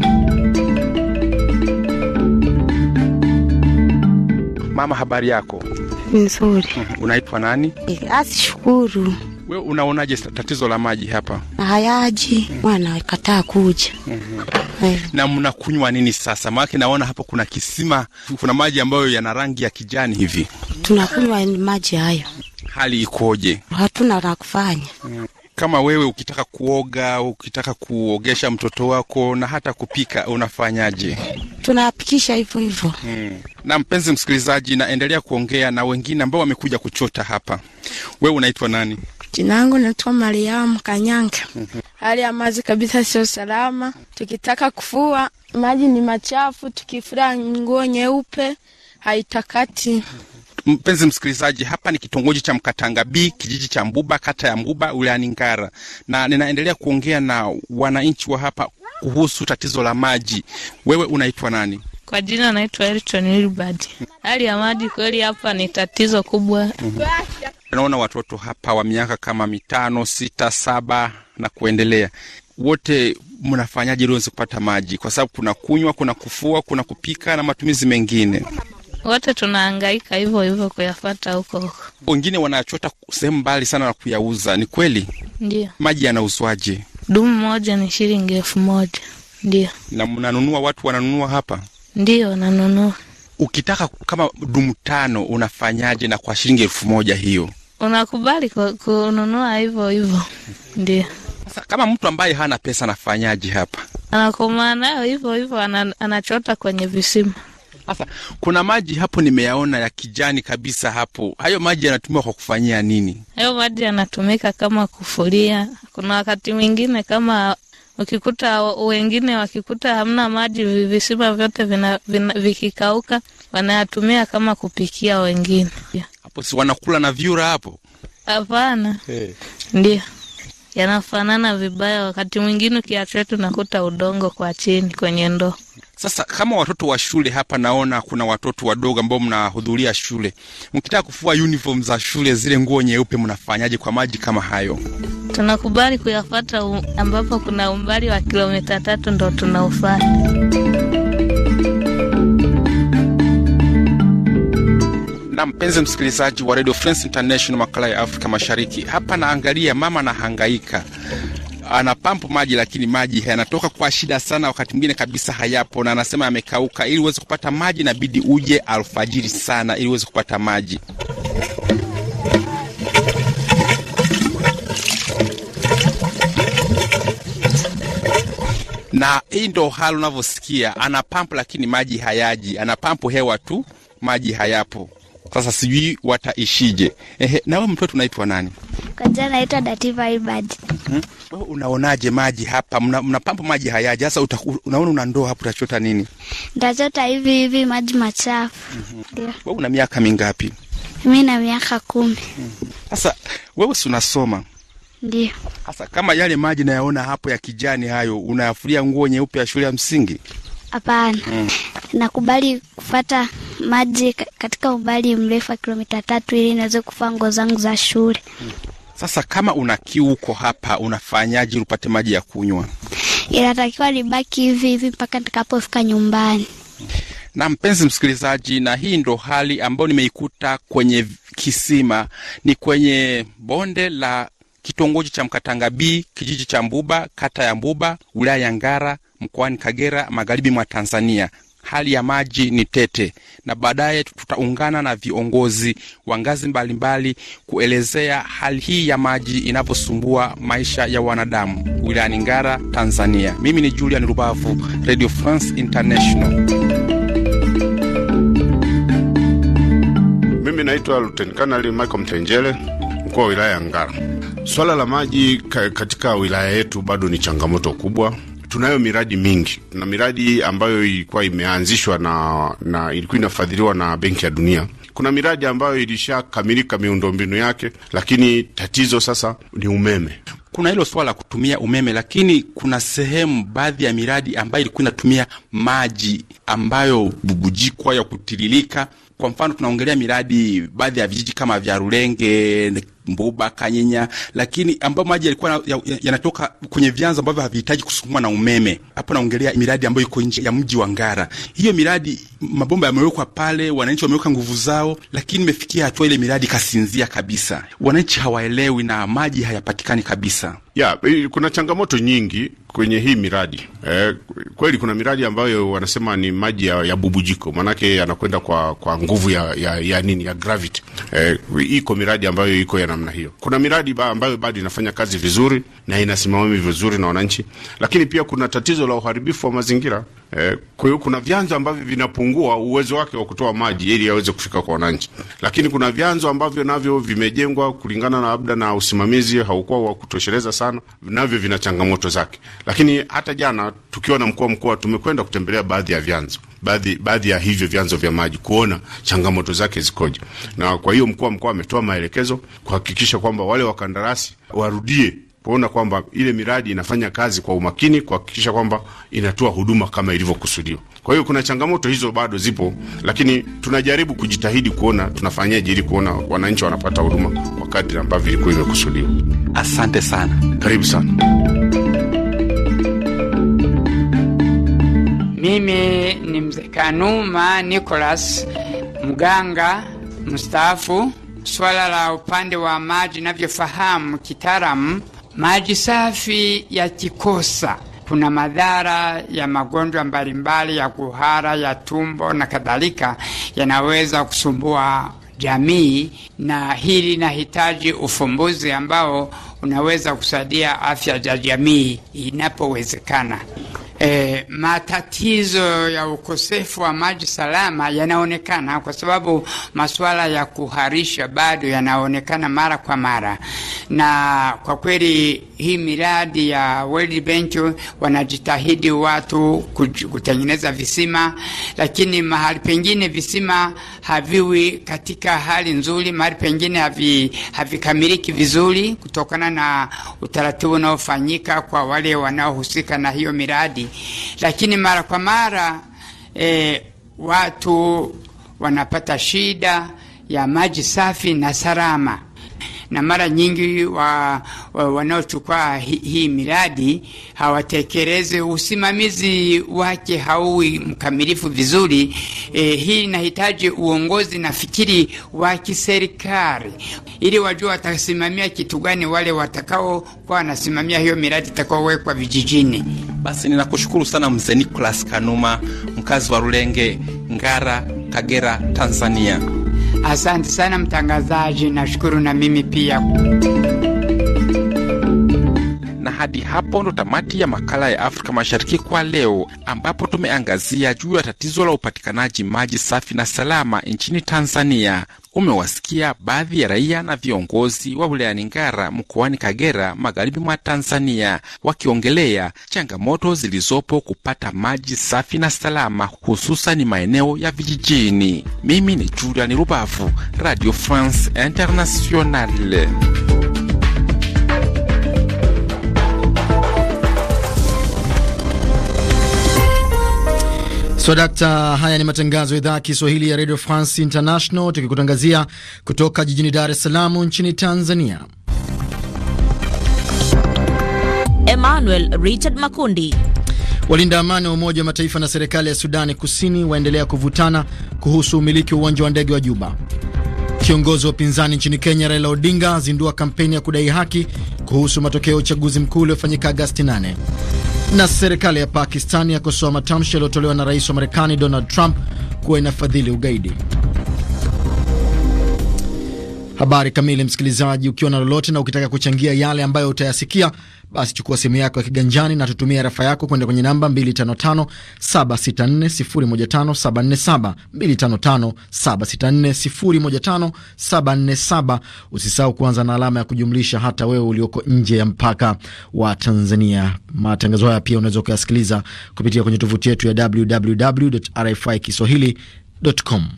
Mama, habari yako? Nzuri. Unaitwa nani? Eh, Asi ah, Shukuru. Wewe unaonaje tatizo la maji hapa? Hayaji bwana mm. kataa kuja mm -hmm. eh. Na mnakunywa nini sasa? Maana naona hapo kuna kisima, kuna maji ambayo yana rangi ya kijani hivi. Tunakunywa maji hayo. Hali ikoje? Hatuna la kufanya mm. Kama wewe ukitaka kuoga, ukitaka kuogesha mtoto wako na hata kupika, unafanyaje? Tunapikisha hivyo hivyo hmm. Na mpenzi msikilizaji, naendelea kuongea na wengine ambao wamekuja kuchota hapa. Wewe unaitwa nani? Jina langu naitwa Mariam Kanyanga. Mhm. Hali ya maji kabisa sio salama, tukitaka kufua maji ni machafu, tukifuraha nguo nyeupe haitakati. Mpenzi msikilizaji, hapa ni kitongoji cha Mkatanga B, kijiji cha Mbuba, kata ya Mbuba, wilayani Ngara, na ninaendelea kuongea na wananchi wa hapa kuhusu tatizo la maji. Wewe unaitwa nani? Kwa jina naitwa Elton Ilbad. Hali ya maji kweli hapa ni tatizo kubwa. mm -hmm. Naona watoto hapa wa miaka kama mitano, sita, saba na kuendelea, wote mnafanyaje ili liweze kupata maji? Kwa sababu kuna kunywa, kuna kufua, kuna kupika na matumizi mengine wote tunahangaika hivyo hivyo kuyafata huko huko, wengine wanachota sehemu mbali sana na kuyauza. Ni kweli? Ndio. Maji yanauzwaje? Dumu moja ni shilingi elfu moja. Ndio. Na mnanunua, watu wananunua hapa? Ndiyo, nanunua. Ukitaka kama dumu tano unafanyaje? Na kwa shilingi elfu moja hiyo unakubali kununua hivyo hivyo? Ndio. Sasa kama mtu ambaye hana pesa anafanyaje hapa? Anakomaa nayo hivyo hivyo, anachota kwenye visima. Sasa kuna maji hapo nimeyaona ya kijani kabisa hapo, hayo maji yanatumika kwa kufanyia nini? Hayo maji yanatumika kama kufulia, kuna wakati mwingine kama Ukikuta wengine wakikuta hamna maji, visima vyote vina, vina, vikikauka wanayatumia kama kupikia wengine. Hapo si wanakula na vyura hapo? Hapana, hey. Eh. Ndio yanafanana vibaya. Wakati mwingine ukiacha tunakuta udongo kwa chini kwenye ndoo. Sasa kama watoto wa shule hapa, naona kuna watoto wadogo ambao mnahudhuria shule, mkitaka kufua uniform za shule, zile nguo nyeupe, mnafanyaje kwa maji kama hayo? Tunakubali kuyafata, ambapo kuna umbali wa kilomita tatu ndo tunaufanya. na mpenzi msikilizaji wa Radio France International, makala ya Afrika Mashariki. Hapa naangalia mama anahangaika, anapampu maji lakini maji yanatoka kwa shida sana, wakati mwingine kabisa hayapo, na anasema yamekauka. Ili uweze kupata maji inabidi uje alfajiri sana, ili uweze kupata maji. na hii ndo hali unavyosikia, ana pampu lakini maji hayaji, ana pampu hewa tu, maji hayapo. Sasa sijui wataishije. Ehe, nawe mtoto unaitwa nani? Kwa jina naitwa Dativa Ibad. Hmm? Unaonaje maji hapa? Mnapampa mna maji hayaje? Sasa unaona una ndoo hapo utachota nini? Ndachota hivi hivi maji machafu. Mm -hmm. Wewe una miaka mingapi? Mimi na miaka kumi. Hmm. Sasa mm -hmm. Wewe si unasoma? Ndio. Sasa kama yale maji nayaona hapo ya kijani hayo, unayafuria nguo nyeupe ya shule ya msingi? Hapana. Mm. Nakubali kufata maji katika umbali mrefu wa kilomita tatu ili niweze kufua nguo zangu za shule. Mm. Sasa kama una kiu uko hapa, unafanyaje upate maji ya kunywa? Inatakiwa nibaki hivi hivi mpaka nitakapofika nyumbani. Na mpenzi msikilizaji, na hii ndo hali ambayo nimeikuta kwenye kisima, ni kwenye bonde la kitongoji cha Mkatanga B, kijiji cha Mbuba, kata ya Mbuba, wilaya ya Ngara, mkoani Kagera, magharibi mwa Tanzania. Hali ya maji ni tete, na baadaye tutaungana na viongozi wa ngazi mbalimbali kuelezea hali hii ya maji inavyosumbua maisha ya wanadamu wilayani Ngara, Tanzania. Mimi ni Julian Rubavu, Radio France International. Mimi naitwa Luteni Kanali Michael Mtenjele, mkuu wa wilaya ya Ngara. Swala la maji katika wilaya yetu bado ni changamoto kubwa tunayo miradi mingi. Tuna miradi ambayo ilikuwa imeanzishwa na, na ilikuwa inafadhiliwa na Benki ya Dunia. Kuna miradi ambayo ilishakamilika miundombinu yake, lakini tatizo sasa ni umeme. Kuna hilo swala la kutumia umeme, lakini kuna sehemu baadhi ya miradi ambayo ilikuwa inatumia maji ambayo bubujikwa ya kutiririka. Kwa mfano tunaongelea miradi baadhi ya vijiji kama vya Rulenge Mboba, Kanyenya, lakini ambayo maji yalikuwa yanatoka ya, ya kwenye vyanzo ambavyo havihitaji kusukumwa na umeme. Hapo naongelea miradi ambayo iko nje ya mji wa Ngara. Hiyo miradi mabomba yamewekwa pale, wananchi wameweka nguvu zao, lakini imefikia hatua ile miradi ikasinzia kabisa, wananchi hawaelewi na maji hayapatikani kabisa. Ya, kuna changamoto nyingi kwenye hii miradi eh, kweli kuna miradi ambayo wanasema ni maji ya, ya bubujiko, maanake yanakwenda kwa, kwa nguvu ya, ya, ya nini ya gravity eh, iko miradi ambayo iko yana namna hiyo. Kuna miradi ba ambayo bado inafanya kazi vizuri na inasimamia vizuri na wananchi, lakini pia kuna tatizo la uharibifu wa mazingira. Eh, kwa hiyo kuna vyanzo ambavyo vinapungua uwezo wake wa kutoa maji ili yaweze kufika kwa wananchi, lakini kuna vyanzo ambavyo navyo vimejengwa kulingana na labda na usimamizi haukuwa wa kutosheleza sana, navyo vina changamoto zake. Lakini hata jana tukiwa na mkuu wa mkoa tumekwenda kutembelea baadhi ya vyanzo, baadhi baadhi ya hivyo vyanzo vya maji kuona changamoto zake zikoje, na kwa hiyo mkuu wa mkoa ametoa maelekezo kuhakikisha kwamba wale wakandarasi warudie kuona kwamba ile miradi inafanya kazi kwa umakini kuhakikisha kwamba inatoa huduma kama ilivyokusudiwa. Kwa hiyo kuna changamoto hizo bado zipo, lakini tunajaribu kujitahidi kuona tunafanyaje ili kuona wananchi wanapata huduma kwa kadri ambavyo ilikuwa imekusudiwa. Asante sana, karibu sana. Mimi ni mzee Kanuma mganga mstaafu. Swala la upande wa maji navyofahamu kitaalamu Maji safi yakikosa kuna madhara ya magonjwa mbalimbali ya kuhara, ya tumbo na kadhalika, yanaweza kusumbua jamii, na hili linahitaji ufumbuzi ambao unaweza kusaidia afya za jamii inapowezekana. E, matatizo ya ukosefu wa maji salama yanaonekana kwa sababu masuala ya kuharisha bado yanaonekana mara kwa mara, na kwa kweli hii miradi ya World Bank wanajitahidi watu kutengeneza visima, lakini mahali pengine visima haviwi katika hali nzuri, mahali pengine havi, havikamiliki vizuri kutokana na utaratibu unaofanyika kwa wale wanaohusika na hiyo miradi lakini mara kwa mara e, watu wanapata shida ya maji safi na salama na mara nyingi wa, wa, wanaochukua hii hi miradi hawatekeleze usimamizi wake hauwi mkamilifu vizuri. E, hii inahitaji uongozi na fikiri wa kiserikali ili wajua watasimamia kitu gani wale watakao kwa wanasimamia hiyo miradi itakaowekwa vijijini. Basi ninakushukuru sana mzee Nicholas Kanuma, mkazi wa Rulenge, Ngara, Kagera, Tanzania. Asante sana mtangazaji, nashukuru na mimi pia hadi hapo ndo tamati ya makala ya Afrika Mashariki kwa leo, ambapo tumeangazia juu ya tatizo la upatikanaji maji safi na salama nchini Tanzania. Umewasikia baadhi ya raia na viongozi wa wilayani Ngara mkoani Kagera, magharibi mwa Tanzania, wakiongelea changamoto zilizopo kupata maji safi na salama, hususani maeneo ya vijijini. Mimi ni Juliani Rubavu, Radio France Internationale. Swadakta, haya ni matangazo ya idhaa ya Kiswahili ya Radio France International, tukikutangazia kutoka jijini Dar es Salaam nchini Tanzania. Emmanuel Richard Makundi. Walinda amani wa Umoja wa Mataifa na serikali ya Sudani Kusini waendelea kuvutana kuhusu umiliki wa uwanja wa ndege wa Juba. Kiongozi wa upinzani nchini Kenya Raila Odinga azindua kampeni ya kudai haki kuhusu matokeo ya uchaguzi mkuu uliofanyika Agasti 8. Na serikali ya Pakistan yakosoa matamshi yaliyotolewa na rais wa Marekani Donald Trump kuwa inafadhili ugaidi. Habari kamili, msikilizaji, ukiwa na lolote na ukitaka kuchangia yale ambayo utayasikia basi chukua simu yako ya kiganjani na tutumia rafa yako kwenda kwenye namba 255 764 Usisahau kuanza na alama ya kujumlisha, hata wewe ulioko nje ya mpaka wa Tanzania. Matangazo haya pia unaweza ukayasikiliza kupitia kwenye tovuti yetu ya www.rfikiswahili.com.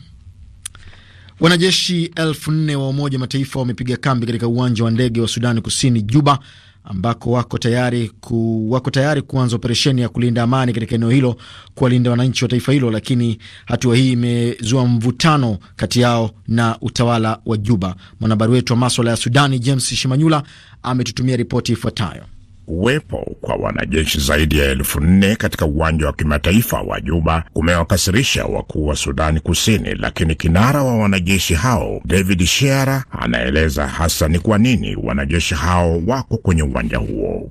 Wanajeshi elfu nne wa Umoja Mataifa wamepiga kambi katika uwanja wa ndege wa Sudani Kusini, Juba, ambako wako tayari, ku, wako tayari kuanza operesheni ya kulinda amani katika eneo hilo kuwalinda wananchi wa taifa hilo, lakini hatua hii imezua mvutano kati yao na utawala wa Juba. Mwanahabari wetu wa maswala ya Sudani James Shimanyula ametutumia ripoti ifuatayo. Kuwepo kwa wanajeshi zaidi ya elfu nne katika uwanja wa kimataifa wa Juba kumewakasirisha wakuu wa Sudani Kusini, lakini kinara wa wanajeshi hao David Sheara anaeleza hasa ni kwa nini wanajeshi hao wako kwenye uwanja huo.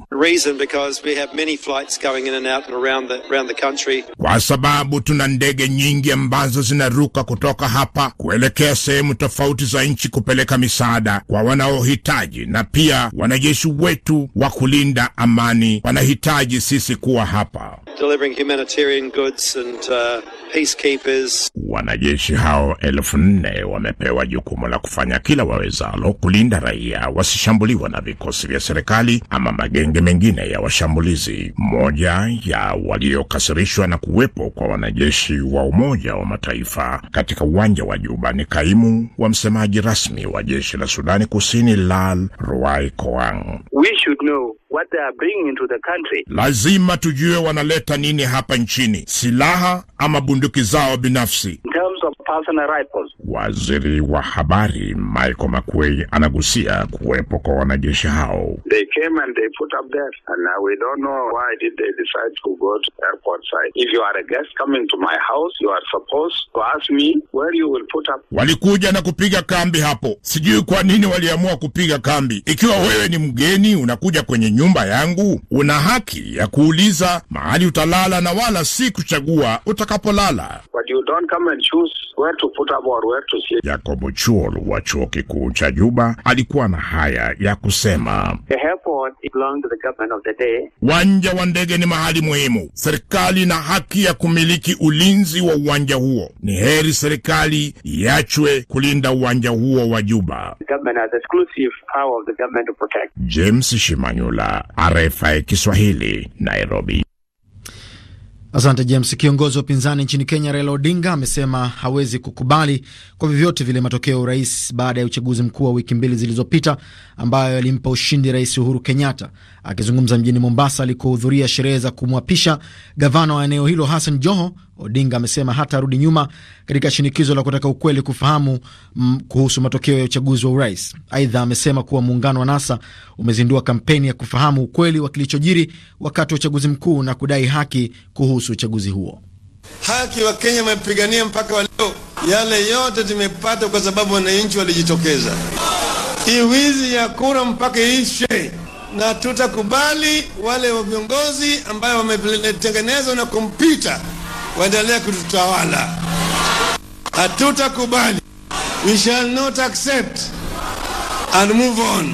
Kwa sababu tuna ndege nyingi ambazo zinaruka kutoka hapa kuelekea sehemu tofauti za nchi kupeleka misaada kwa wanaohitaji, na pia wanajeshi wetu wa kulinda amani wanahitaji sisi kuwa hapa delivering humanitarian goods and uh, peacekeepers. Wanajeshi hao elfu nne wamepewa jukumu la kufanya kila wawezalo kulinda raia wasishambuliwa na vikosi vya serikali ama magenge mengine ya washambulizi. Moja ya waliokasirishwa na kuwepo kwa wanajeshi wa Umoja wa Mataifa katika uwanja wa Juba ni kaimu wa msemaji rasmi wa jeshi la Sudani Kusini Lal Ruai Koang. We should know what they are bringing into the country. Lazima tujue wanale wameleta nini hapa nchini, silaha ama bunduki zao binafsi? rifles. Waziri wa habari Michael Makuei anagusia kuwepo kwa wanajeshi hao. They came and they put up there and now we don't know why did they decide to go to airport If you are a guest coming to my house, you are supposed to ask me where you will put up. Walikuja na kupiga kambi hapo. Sijui kwa nini waliamua kupiga kambi. Ikiwa wewe ni mgeni unakuja kwenye nyumba yangu, una haki ya kuuliza mahali utalala na wala si kuchagua utakapolala. But you don't come and choose where to put up Jacob Chuol wa chuo kikuu cha Juba alikuwa na haya ya kusema. The airport belongs to the government of the day. Uwanja wa ndege ni mahali muhimu. Serikali na haki ya kumiliki ulinzi wa uwanja huo. Ni heri serikali iachwe kulinda uwanja huo wa Juba. James Shimanyula, RFI Kiswahili, Nairobi. Asante James. Kiongozi wa upinzani nchini Kenya Raila Odinga amesema hawezi kukubali kwa vyovyote vile matokeo ya urais baada ya uchaguzi mkuu wa wiki mbili zilizopita ambayo alimpa ushindi Rais Uhuru Kenyatta. Akizungumza mjini Mombasa alikohudhuria sherehe za kumwapisha gavana wa eneo hilo Hassan Joho, Odinga amesema hatarudi nyuma katika shinikizo la kutaka ukweli kufahamu m, mm, kuhusu matokeo ya uchaguzi wa urais. Aidha, amesema kuwa muungano wa NASA umezindua kampeni ya kufahamu ukweli wa kilichojiri wakati wa uchaguzi mkuu na kudai haki kuhusu uchaguzi huo. Haki wa Kenya wamepigania mpaka wa leo, yale yote tumepata kwa sababu wananchi walijitokeza. Hii wizi ya kura mpaka ishe na tutakubali wale wa viongozi ambayo wametengenezwa na kompyuta waendelee kututawala. Hatutakubali, we shall not accept and move on,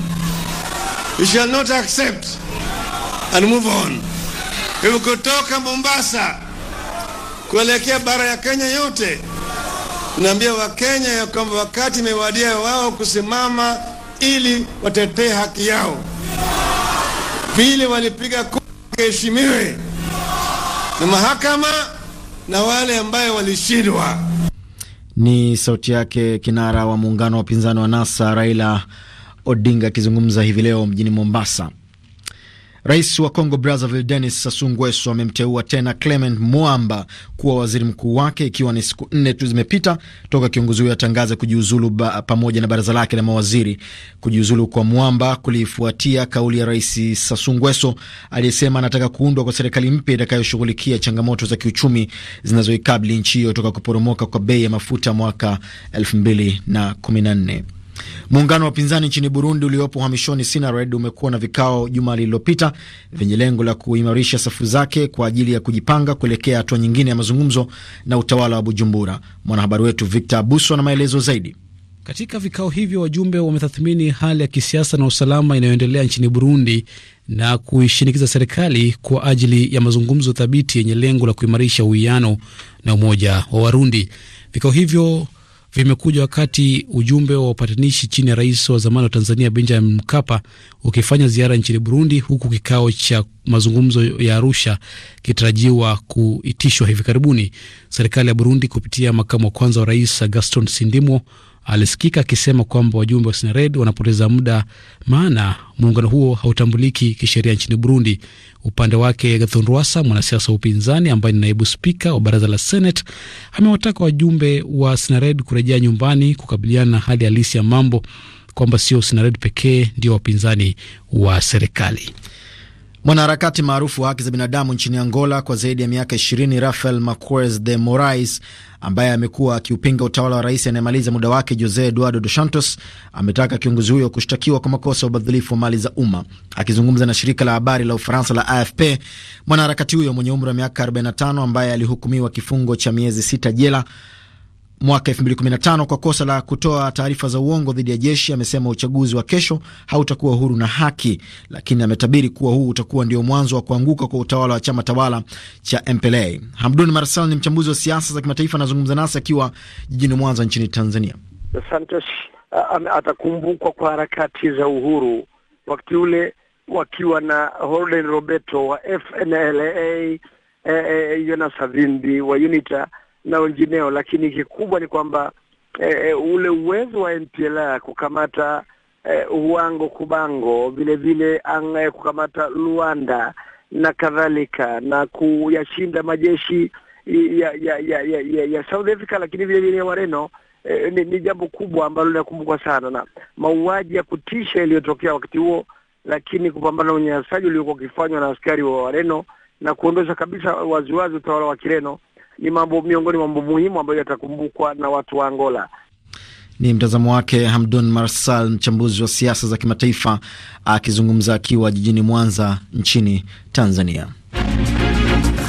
we shall not accept and move on. Hivyo kutoka Mombasa kuelekea bara ya Kenya yote, tunaambia Wakenya ya kwamba wakati imewadia wao kusimama ili watetee haki yao. Vile walipiga kura, waheshimiwe na mahakama na wale ambaye walishindwa. Ni sauti yake kinara wa muungano wa upinzani wa NASA Raila Odinga akizungumza hivi leo mjini Mombasa. Rais wa Congo Brazzaville Denis Sassou Nguesso amemteua tena Clement Mwamba kuwa waziri mkuu wake ikiwa ni siku nne tu zimepita toka kiongozi huyo atangaze kujiuzulu pamoja na baraza lake la mawaziri. Kujiuzulu kwa Mwamba kulifuatia kauli ya Rais Sassou Nguesso aliyesema anataka kuundwa kwa serikali mpya itakayoshughulikia changamoto za kiuchumi zinazoikabili nchi hiyo toka kuporomoka kwa bei ya mafuta mwaka 214 Muungano wa upinzani nchini Burundi uliopo uhamishoni Sinared umekuwa na vikao juma lililopita vyenye lengo la kuimarisha safu zake kwa ajili ya kujipanga kuelekea hatua nyingine ya mazungumzo na utawala wa Bujumbura. Mwanahabari wetu Victor Abuso ana maelezo zaidi. Katika vikao hivyo wajumbe wametathmini hali ya kisiasa na usalama inayoendelea nchini Burundi na kuishinikiza serikali kwa ajili ya mazungumzo thabiti yenye lengo la kuimarisha uwiano na umoja wa Warundi. Vikao hivyo vimekuja wakati ujumbe wa upatanishi chini ya rais wa zamani wa Tanzania Benjamin Mkapa ukifanya ziara nchini Burundi, huku kikao cha mazungumzo ya Arusha kitarajiwa kuitishwa hivi karibuni. Serikali ya Burundi kupitia makamu wa kwanza wa rais Gaston Sindimo alisikika akisema kwamba wajumbe wa snared wanapoteza muda, maana muungano huo hautambuliki kisheria nchini Burundi. Upande wake, Gathon Rwasa, mwanasiasa wa upinzani ambaye ni naibu spika wa baraza la Senate, amewataka wajumbe wa snared kurejea nyumbani kukabiliana na hali halisi ya mambo, kwamba sio snared pekee ndio wapinzani wa serikali. Mwanaharakati maarufu wa haki za binadamu nchini Angola kwa zaidi ya miaka 20 Rafael Marques de Morais ambaye amekuwa akiupinga utawala wa rais anayemaliza muda wake Jose Eduardo Dos Santos ametaka kiongozi huyo kushtakiwa kwa makosa ya ubadhilifu wa mali za umma. Akizungumza na shirika la habari la Ufaransa la AFP, mwanaharakati huyo mwenye umri wa miaka 45 ambaye alihukumiwa kifungo cha miezi sita jela mwaka 2015 kwa kosa la kutoa taarifa za uongo dhidi ya jeshi. Amesema uchaguzi wa kesho hautakuwa huru na haki, lakini ametabiri kuwa huu utakuwa ndio mwanzo wa kuanguka kwa utawala wa chama tawala cha MPLA. Hamdun Marsal ni mchambuzi wa siasa za kimataifa, anazungumza nasi akiwa jijini Mwanza nchini Tanzania. Santos atakumbukwa kwa harakati za uhuru wakati ule wakiwa na Holden Roberto wa FNLA, Jonas Savimbi wa UNITA na wengineo, lakini kikubwa ni kwamba eh, eh ule uwezo wa MPLA kukamata eh, Uwango Kubango, vilevile vile eh, kukamata Luanda na kadhalika na kuyashinda majeshi ya ya ya, ya, ya, ya South Africa lakini vile vile ya Wareno eh, ni, ni jambo kubwa ambalo linakumbukwa sana na mauaji ya kutisha yaliyotokea wakati huo, lakini kupambana na unyanyasaji uliokuwa ukifanywa na askari wa Wareno na kuondosha kabisa waziwazi utawala wa Kireno ni mambo miongoni mwa mambo muhimu ambayo yatakumbukwa na watu wa Angola. Ni mtazamo wake Hamdun Marsal, mchambuzi wa siasa za kimataifa, akizungumza akiwa jijini Mwanza nchini Tanzania.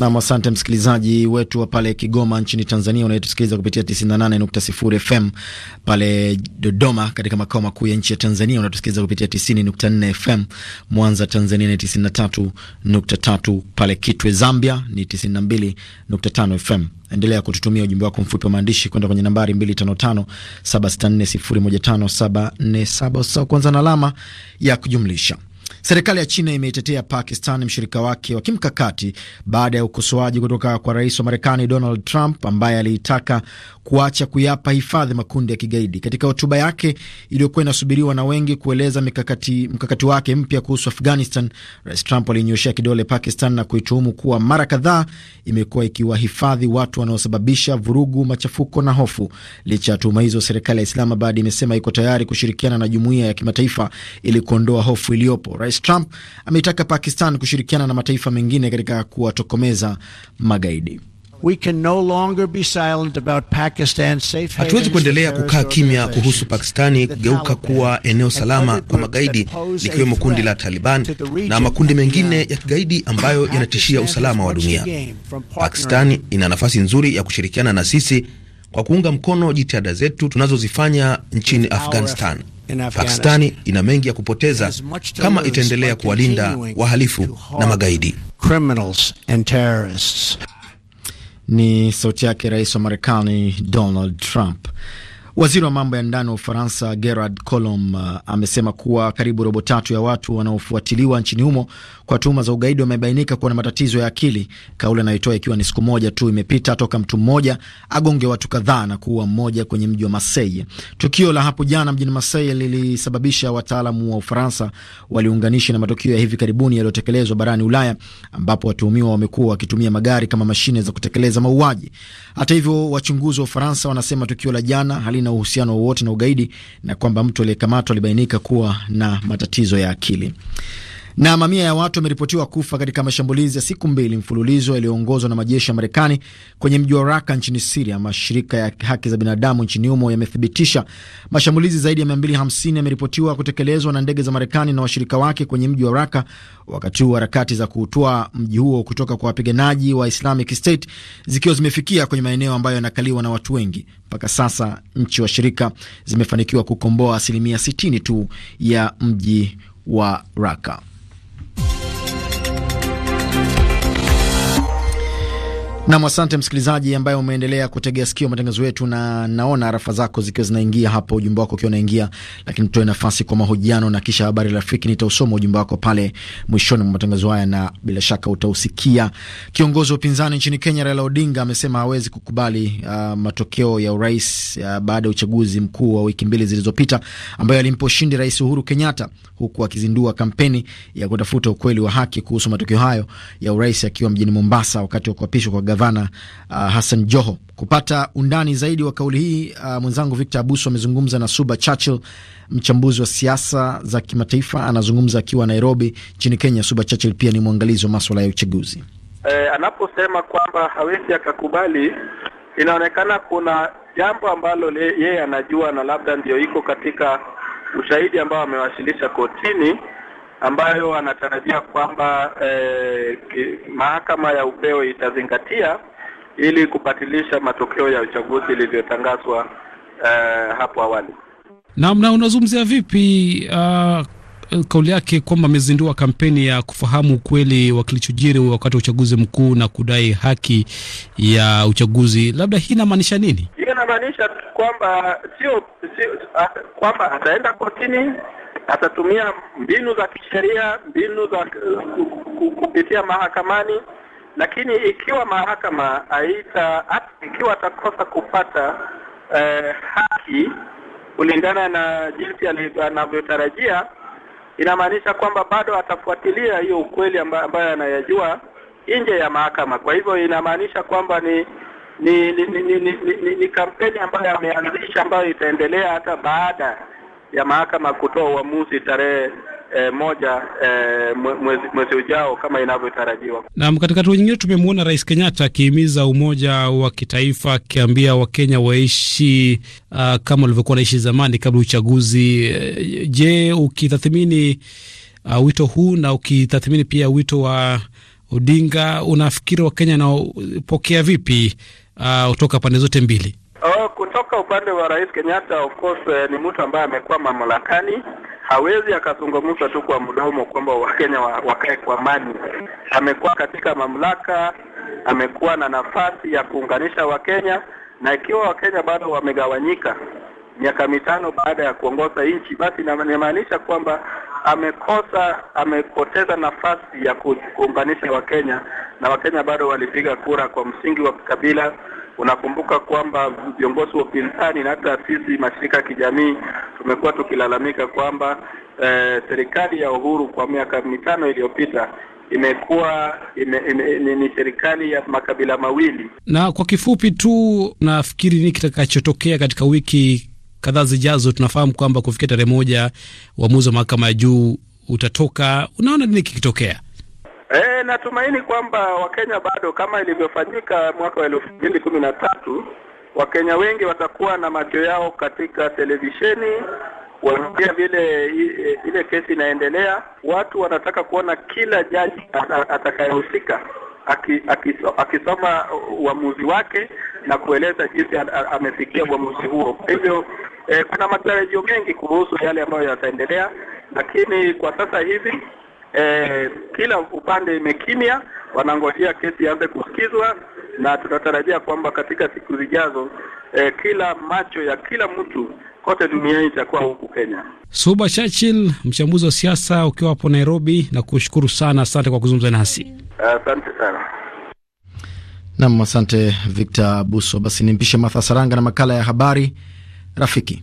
Nam, asante msikilizaji wetu wa pale Kigoma nchini Tanzania unayetusikiliza kupitia 98.0 FM pale Dodoma katika makao makuu ya nchi ya Tanzania unatusikiliza kupitia 90.4 FM. Mwanza Tanzania ni 93.3, pale Kitwe Zambia ni 92.5 FM. Endelea kututumia ujumbe wako mfupi wa maandishi kwenda kwenye nambari 255 764 015 na alama ya kujumlisha Serikali ya China imeitetea Pakistan, mshirika wake wa kimkakati, baada ya ukosoaji kutoka kwa rais wa Marekani Donald Trump ambaye aliitaka kuacha kuyapa hifadhi makundi ya kigaidi. Katika hotuba yake iliyokuwa inasubiriwa na wengi kueleza mikakati, mkakati wake mpya kuhusu Afghanistan, rais Trump alinyoshea kidole Pakistan na kuituhumu kuwa mara kadhaa imekuwa ikiwahifadhi watu wanaosababisha vurugu, machafuko na hofu. Licha ya tuhuma hizo, serikali ya Islamabad imesema iko tayari kushirikiana na jumuiya ya kimataifa ili kuondoa hofu iliyopo. Rais Trump ameitaka Pakistan kushirikiana na mataifa mengine katika kuwatokomeza magaidi. Hatuwezi kuendelea kukaa kimya kuhusu Pakistani kugeuka kuwa eneo salama kwa magaidi, likiwemo kundi la Taliban na makundi mengine ya kigaidi ambayo yanatishia usalama wa dunia. Pakistani ina nafasi nzuri ya kushirikiana na sisi kwa kuunga mkono jitihada zetu tunazozifanya nchini Afghanistan. Pakistani ina mengi ya kupoteza kama itaendelea kuwalinda wahalifu na magaidi. Ni sauti yake rais wa Marekani Donald Trump. Waziri wa mambo ya ndani wa Ufaransa Gerard Colom uh, amesema kuwa karibu robo tatu ya watu wanaofuatiliwa nchini humo kwa tuhuma za ugaidi wamebainika kuwa na matatizo ya akili, kauli anayoitoa ikiwa ni siku moja tu imepita toka mtu mmoja agonge watu kadhaa na kuua mmoja kwenye mji wa Marseille. Tukio la hapo jana mjini Marseille lilisababisha wataalamu wa Ufaransa waliunganishi na matukio ya hivi karibuni yaliyotekelezwa barani Ulaya, ambapo watuhumiwa wamekuwa wakitumia magari kama mashine za kutekeleza mauaji. Hata hivyo, wachunguzi wa Ufaransa wanasema tukio la jana halina na uhusiano wowote na ugaidi na kwamba mtu aliyekamatwa alibainika kuwa na matatizo ya akili. Na mamia ya watu wameripotiwa kufa katika mashambulizi ya siku mbili mfululizo yaliyoongozwa na majeshi ya Marekani kwenye mji wa Raka nchini Siria. Mashirika ya haki za binadamu nchini humo yamethibitisha mashambulizi zaidi ya 250 yameripotiwa kutekelezwa na ndege za Marekani na washirika wake kwenye mji wa Raka, wakati huu harakati za kuutoa mji huo kutoka kwa wapiganaji wa Islamic State zikiwa zimefikia kwenye maeneo ambayo yanakaliwa na watu wengi. Mpaka sasa nchi washirika zimefanikiwa kukomboa asilimia 60 tu ya mji wa Raka. Nam, asante msikilizaji ambaye umeendelea kutegea sikio matangazo yetu, na naona arafa zako zikiwa zinaingia hapo, ujumbe wako ukiwa unaingia, lakini tutoe nafasi kwa mahojiano na kisha habari rafiki. Nitausoma ujumbe wako pale mwishoni mwa matangazo haya na bila shaka utausikia. Kiongozi wa upinzani nchini Kenya Raila Odinga amesema hawezi kukubali uh, matokeo ya urais uh, baada ya uchaguzi mkuu wa wiki mbili zilizopita ambayo alimpa ushindi Rais Uhuru Kenyatta, huku akizindua kampeni ya kutafuta ukweli wa haki kuhusu matokeo hayo ya urais akiwa mjini Mombasa wakati wa kuapishwa kwa gavana uh, Hassan Joho. Kupata undani zaidi wa kauli hii uh, mwenzangu Victor Abuso amezungumza na Suba Churchill, mchambuzi wa siasa za kimataifa, anazungumza akiwa Nairobi nchini Kenya. Suba Churchill pia ni mwangalizi wa maswala ya uchaguzi. E, anaposema kwamba hawezi akakubali, inaonekana kuna jambo ambalo yeye anajua na labda ndio iko katika ushahidi ambao amewasilisha kotini ambayo anatarajia kwamba eh, mahakama ya upeo itazingatia ili kupatilisha matokeo ya uchaguzi ilivyotangazwa eh, hapo awali. Naam, na unazungumzia vipi uh, kauli yake kwamba amezindua kampeni ya kufahamu ukweli wa kilichojiri wakati wa uchaguzi mkuu na kudai haki ya uchaguzi. Labda hii inamaanisha nini? Hii inamaanisha kwamba sio, sio, ah, kwamba ataenda kotini atatumia mbinu za kisheria, mbinu za eh, kupitia mahakamani, lakini ikiwa mahakama haita, ikiwa atakosa kupata eh, haki kulingana na jinsi anavyotarajia, inamaanisha kwamba bado atafuatilia hiyo ukweli ambayo anayajua nje ya mahakama. Kwa hivyo inamaanisha kwamba ni ni ni, ni, ni, ni, ni kampeni ambayo ameanzisha ambayo itaendelea hata baada ya mahakama kutoa uamuzi tarehe E, moja e, mwezi, mwezi ujao kama inavyotarajiwa. Naam, katika hatua nyingine tumemwona Rais Kenyatta akihimiza umoja wa kitaifa akiambia Wakenya waishi uh, kama walivyokuwa naishi zamani kabla uchaguzi. Eh, je, ukitathmini uh, wito huu na ukitathmini pia wito wa Odinga, unafikiri Wakenya wanaopokea vipi ah, kutoka uh, pande zote mbili? Oh, kutoka upande wa Rais Kenyatta of course eh, ni mtu ambaye amekuwa mamlakani, hawezi akazungumza tu kwa mdomo kwamba Wakenya wakae kwa amani. Amekuwa katika mamlaka, amekuwa na nafasi ya kuunganisha Wakenya, na ikiwa Wakenya bado wamegawanyika miaka mitano baada ya kuongoza nchi, basi inamaanisha kwamba amekosa amepoteza nafasi ya kuunganisha Wakenya, na Wakenya bado walipiga kura kwa msingi wa kikabila Unakumbuka kwamba viongozi wa upinzani na hata sisi mashirika ya kijamii tumekuwa tukilalamika kwamba eh, serikali ya Uhuru kwa miaka mitano iliyopita imekuwa ime, ime, ime, ni serikali ya makabila mawili. Na kwa kifupi tu, nafikiri nini kitakachotokea katika wiki kadhaa zijazo? Tunafahamu kwamba kufikia tarehe moja uamuzi wa mahakama ya juu utatoka. Unaona nini kikitokea? E, natumaini kwamba Wakenya bado kama ilivyofanyika mwaka wa elfu mbili kumi na tatu Wakenya wengi watakuwa na macho yao katika televisheni wanaangalia vile ile kesi inaendelea. Watu wanataka kuona kila jaji atakayehusika akisoma aki, uamuzi wake na kueleza jinsi amefikia uamuzi huo. Kwa hivyo eh, kuna matarajio mengi kuhusu yale ambayo yataendelea, lakini kwa sasa hivi eh, kila upande imekimya, wanangojea kesi ianze kusikizwa, na tunatarajia kwamba katika siku zijazo eh, kila macho ya kila mtu kote duniani itakuwa huku Kenya. Suba Churchill, mchambuzi wa siasa, ukiwa hapo Nairobi, na kushukuru sana, asante kwa kuzungumza nasi. Asante uh, sana. Nam, asante Victor Buso. Basi nimpishe Martha Saranga na makala ya habari rafiki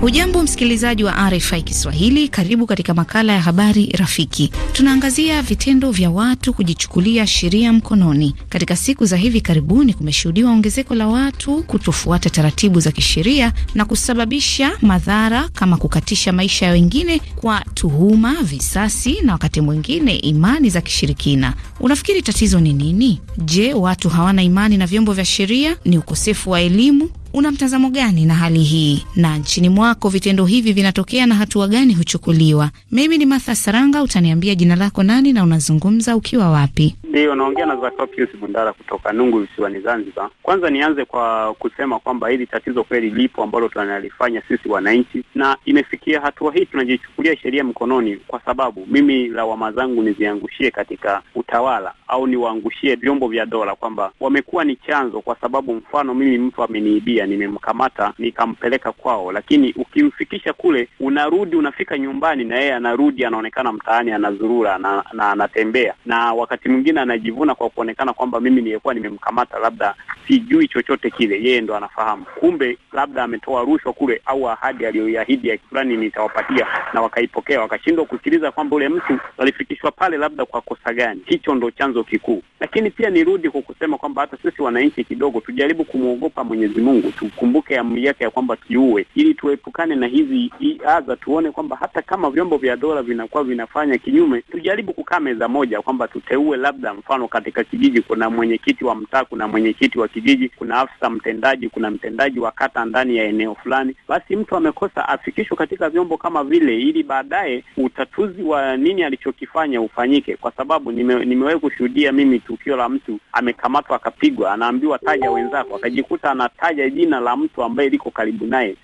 Hujambo msikilizaji wa RFI Kiswahili, karibu katika makala ya habari rafiki. Tunaangazia vitendo vya watu kujichukulia sheria mkononi. Katika siku za hivi karibuni, kumeshuhudiwa ongezeko la watu kutofuata taratibu za kisheria na kusababisha madhara kama kukatisha maisha ya wengine kwa tuhuma, visasi na wakati mwingine imani za kishirikina. Unafikiri tatizo ni nini? Je, watu hawana imani na vyombo vya sheria? Ni ukosefu wa elimu una mtazamo gani na hali hii, na nchini mwako vitendo hivi vinatokea na hatua gani huchukuliwa? Mimi ni Martha Saranga, utaniambia jina lako nani na unazungumza ukiwa wapi? Ndiyo, naongea na Zakapius Bundara kutoka Nungu visiwani Zanzibar. Kwanza nianze kwa kusema kwamba hili tatizo kweli lipo ambalo tunalifanya sisi wananchi, na imefikia hatua hii tunajichukulia sheria mkononi, kwa sababu mimi lawama zangu niziangushie katika utawala au niwaangushie vyombo vya dola kwamba wamekuwa ni chanzo, kwa sababu mfano mimi mtu ameniibia nimemkamata nikampeleka kwao, lakini ukimfikisha kule, unarudi unafika nyumbani na yeye anarudi anaonekana mtaani anazurura na, na anatembea, na wakati mwingine anajivuna kwa kuonekana kwamba mimi niliyekuwa nimemkamata labda sijui chochote kile, yeye ndo anafahamu. Kumbe labda ametoa rushwa kule, au ahadi aliyoiahidi ya fulani nitawapatia, na wakaipokea wakashindwa kusikiliza kwamba ule mtu alifikishwa pale labda kwa kosa gani. Hicho ndo chanzo kikuu. Lakini pia nirudi kwa kusema kwamba hata sisi wananchi kidogo tujaribu kumwogopa Mwenyezi Mungu, tukumbuke amri yake ya kwamba tuiue, ili tuepukane na hizi adha. Tuone kwamba hata kama vyombo vya dola vinakuwa vinafanya kinyume, tujaribu kukaa meza moja, kwamba tuteue labda, mfano katika kijiji kuna mwenyekiti wa mtaa, kuna mwenyekiti wa kijiji, kuna afisa mtendaji, kuna mtendaji wa kata ndani ya eneo fulani, basi mtu amekosa afikishwe katika vyombo kama vile, ili baadaye utatuzi wa nini alichokifanya ufanyike, kwa sababu nime, nimewahi kushuhudia mimi tukio la mtu amekamatwa, akapigwa, anaambiwa taja wenzako, akajikuta anataja jina la mtu ambaye liko karibu naye,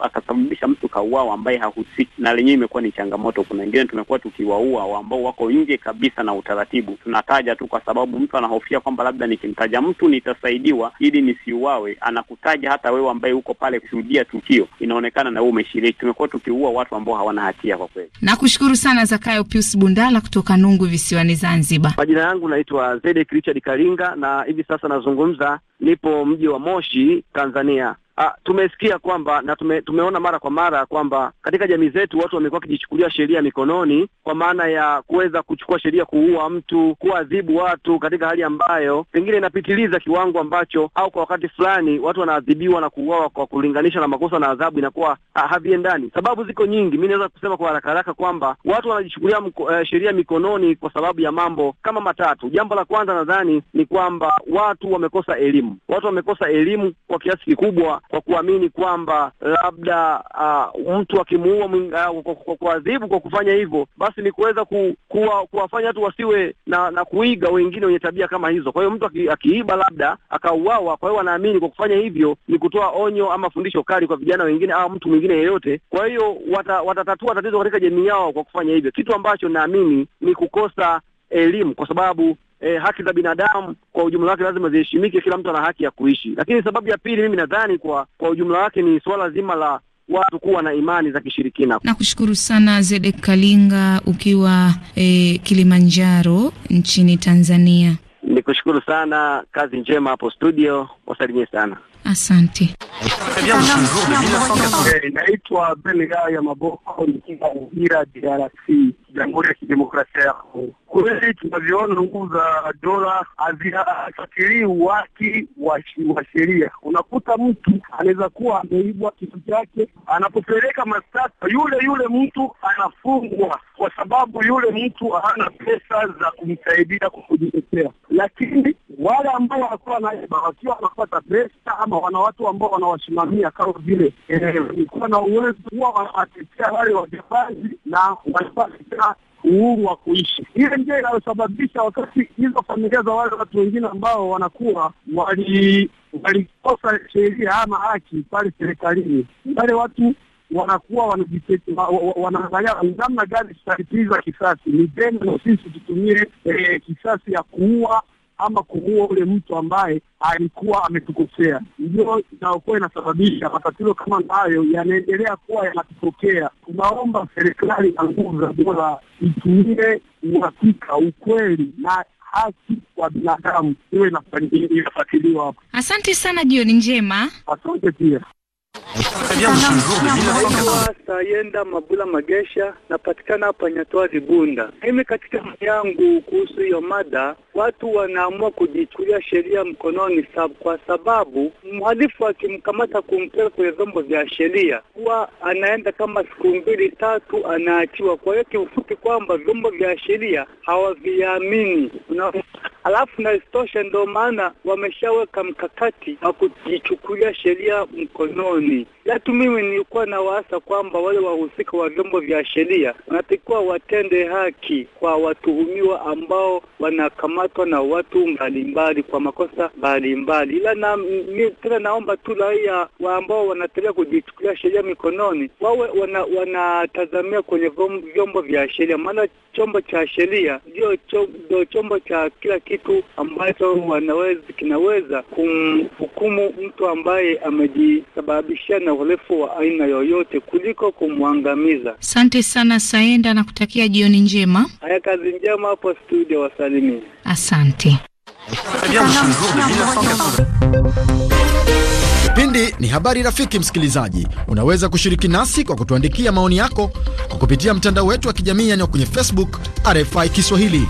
akasababisha mtu kauao ambaye hahusiki, na lenyewe imekuwa ni changamoto. Kuna wengine tumekuwa tukiwaua ambao wako nje kabisa na utaratibu, tunataja tu kwa sababu mtu anahofia kwamba labda nikimtaja mtu nitasaidia kuhojiwa ili nisiuawe, anakutaja hata wewe ambaye uko pale kushuhudia tukio, inaonekana na wewe umeshiriki. Tumekuwa tukiua watu ambao hawana hatia kwa kweli. Nakushukuru sana Zakayo Pius Bundala kutoka Nungu visiwani Zanzibar. Majina yangu naitwa Zedek Richard Karinga na hivi sasa nazungumza, nipo mji wa Moshi, Tanzania. A, ah, tumesikia kwamba na tume, tumeona mara kwa mara kwamba katika jamii zetu watu wamekuwa wakijichukulia sheria mikononi, kwa maana ya kuweza kuchukua sheria kuua mtu, kuadhibu watu katika hali ambayo pengine inapitiliza kiwango ambacho, au kwa wakati fulani watu wanaadhibiwa na kuuawa kwa kulinganisha na makosa na adhabu inakuwa ah, haviendani. Sababu ziko nyingi, mi naweza kusema kwa haraka haraka kwamba watu wanajichukulia uh, sheria mikononi kwa sababu ya mambo kama matatu. Jambo la kwanza nadhani ni kwamba watu wamekosa elimu, watu wamekosa elimu kwa kiasi kikubwa kwa kuamini kwamba labda uh, mtu akimuua ah, kwa kuadhibu kwa kufanya hivyo, basi ni kuweza ku, kuwa, kuwafanya watu wasiwe na, na kuiga wengine wenye tabia kama hizo. Kwa hiyo mtu aki, akiiba labda akauawa, kwa hiyo wanaamini kwa kufanya hivyo ni kutoa onyo ama fundisho kali kwa vijana wengine au mtu mwingine yeyote. Kwa hiyo wata, watatatua tatizo katika jamii yao kwa kufanya hivyo, kitu ambacho naamini ni kukosa elimu kwa sababu e, haki za binadamu kwa ujumla wake lazima ziheshimike, kila mtu ana haki ya kuishi. Lakini sababu ya pili, mimi nadhani kwa kwa ujumla wake ni suala zima la watu kuwa na imani za kishirikina. Nakushukuru sana Zedek Kalinga ukiwa e, Kilimanjaro nchini Tanzania. Nikushukuru sana, kazi njema hapo studio, wasalimie sana. Asante. Eh, naitwa Belga ya Maboko, nikiwa Uvira, DRC, Jamhuri ya Kidemokrasia ya Kongo. Kweli tunavyoona nguvu za dola hazifuatilii uwaki wa sheria. Unakuta mtu anaweza kuwa ameibwa kitu chake, anapopeleka mashtaka, yule yule mtu anafungwa kwa sababu yule mtu hana pesa za kumsaidia kwa kujitetea, lakini wale ambao wanakuwa naiba wakiwa wanapata pesa kwamba wana watu ambao wanawasimamia kama vile eh, kuwa na uwezo huwa wanawatetea wale wajambazi na wanawatetea uhuru wa kuishi. Ile ndio inayosababisha wakati hizo familia za wale watu wengine ambao wanakuwa wali walikosa sheria ama haki pale serikalini, wale watu wanakuwa wanaangalia namna gani tutalipiza kisasi. Ni vyema na sisi tutumie eh, kisasi ya kuua ama kumuua ule mtu ambaye alikuwa ametukosea. Ndio inayokuwa inasababisha matatizo kama hayo yanaendelea kuwa yanatokea. Tunaomba serikali na nguvu za dola itumie uhakika, ukweli na haki kwa binadamu iwe inafuatiliwa hapo. Asante sana, jioni njema. Asante pia. Sayenda Mabula Magesha, napatikana hapa Nyatwari Bunda. Mimi katika yangu kuhusu hiyo mada, watu wanaamua kujichukulia sheria mkononi sab, kwa sababu mhalifu akimkamata kumpeleka kwenye vyombo vya sheria huwa anaenda kama siku mbili tatu, anaachiwa. Kwa hiyo kiufupi kwamba vyombo vya sheria hawaviamini unafahamu? alafu na istosha, ndio maana wameshaweka mkakati wa kujichukulia sheria mkononi yatu mimi nilikuwa na waasa kwamba wale wahusika wa vyombo vya sheria wanatakiwa watende haki kwa watuhumiwa ambao wanakamatwa na watu mbalimbali kwa makosa mbalimbali, ila na tena naomba tu raia wa ambao wanataka kujichukulia sheria mikononi wawe wanatazamia wana kwenye vyombo vya sheria, maana chombo cha sheria ndio chombo, chombo cha kila kitu ambacho wanaweza kinaweza kumhukumu mtu ambaye amejisababishia na na urefu wa aina yoyote kuliko kumwangamiza. Asante sana Saenda, na kutakia jioni njema. Haya, kazi njema hapo studio, wasalimie. Asante. Kipindi ni habari rafiki. Msikilizaji, unaweza kushiriki nasi kwa kutuandikia maoni yako kwa kupitia mtandao wetu wa kijamii, yaani kwenye Facebook RFI Kiswahili.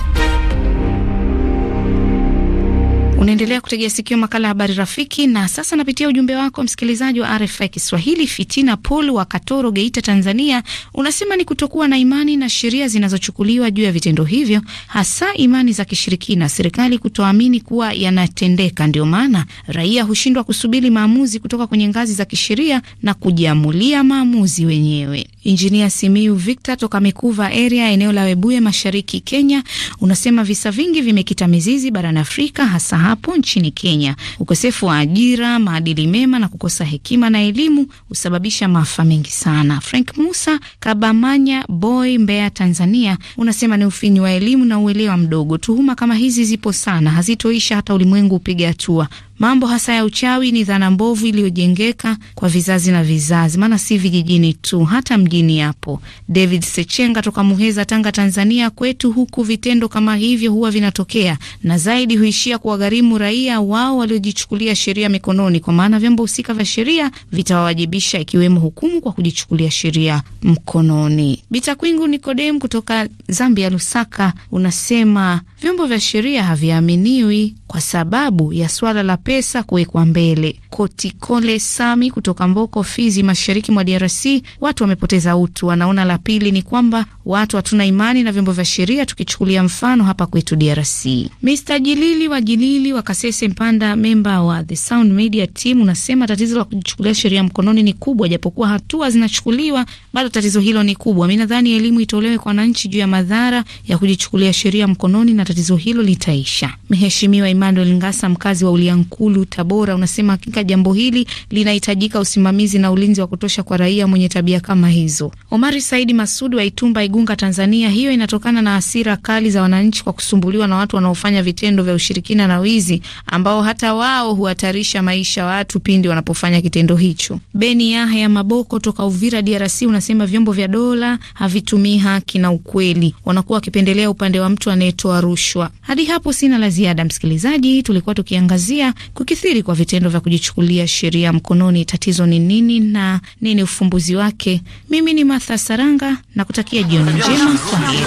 Unaendelea kutegea sikio makala ya habari rafiki, na sasa napitia ujumbe wako msikilizaji wa RFI Kiswahili. Fitina Paul wa Katoro, Geita, Tanzania, unasema ni kutokuwa na imani na sheria zinazochukuliwa juu ya vitendo hivyo, hasa imani za kishirikina, serikali kutoamini kuwa yanatendeka, ndio maana raia hushindwa kusubiri maamuzi kutoka kwenye ngazi za kisheria na kujiamulia maamuzi wenyewe. Injinia Simiu Victor toka Mikuva area eneo la Webuye, mashariki Kenya, unasema visa vingi vimekita mizizi barani Afrika hasa hapo nchini Kenya. Ukosefu wa ajira, maadili mema na kukosa hekima na elimu husababisha maafa mengi sana. Frank Musa Kabamanya Boy, Mbeya, Tanzania, unasema ni ufinyu wa elimu na uelewa mdogo. Tuhuma kama hizi zipo sana, hazitoisha hata ulimwengu upige hatua. Mambo hasa ya uchawi ni dhana mbovu iliyojengeka kwa vizazi na vizazi, maana si vijijini tu, hata mjini yapo. David Sechenga toka Muheza, Tanga, Tanzania. Kwetu huku vitendo kama hivyo huwa vinatokea na zaidi huishia kuwagharimu raia wao waliojichukulia sheria mikononi, kwa maana vyombo husika vya sheria vitawawajibisha, ikiwemo hukumu kwa kujichukulia sheria mkononi. Bitakwingu Nikodem kutoka Zambia, Lusaka, unasema vyombo vya sheria haviaminiwi kwa sababu ya swala la pesa kuwekwa mbele. Kotikole Sami kutoka Mboko, Fizi, mashariki mwa DRC. Watu wamepoteza utu, wanaona la pili ni kwamba watu hatuna imani na vyombo vya sheria, tukichukulia mfano hapa kwetu DRC. Mr Jilili wa Jilili wa Kasese Mpanda, memba wa The Sound Media Team, unasema tatizo la kuchukulia sheria mkononi ni kubwa, japokuwa hatua zinachukuliwa, bado tatizo hilo ni kubwa. Mi nadhani elimu itolewe kwa wananchi juu ya madhara ya kujichukulia sheria mkononi na tatizo hilo litaisha. Mheshimiwa Emmanuel Ngasa, mkazi wa Ulian Ikulu Tabora, unasema hakika jambo hili linahitajika usimamizi na ulinzi wa kutosha kwa raia mwenye tabia kama hizo. Omari Saidi Masudi wa Itumba, Igunga, Tanzania, hiyo inatokana na hasira kali za wananchi kwa kusumbuliwa na watu wanaofanya vitendo vya ushirikina na wizi, ambao hata wao huhatarisha maisha watu pindi wanapofanya kitendo hicho. Beni Yahya Maboko toka Uvira, DRC, unasema vyombo vya dola havitumii haki na ukweli, wanakuwa wakipendelea upande wa mtu anayetoa rushwa. Hadi hapo sina la ziada, msikilizaji. Tulikuwa tukiangazia kukithiri kwa vitendo vya kujichukulia sheria mkononi, tatizo ni nini na nini ufumbuzi wake? Mimi ni Martha Saranga na kutakia jioni njema, kwa heri.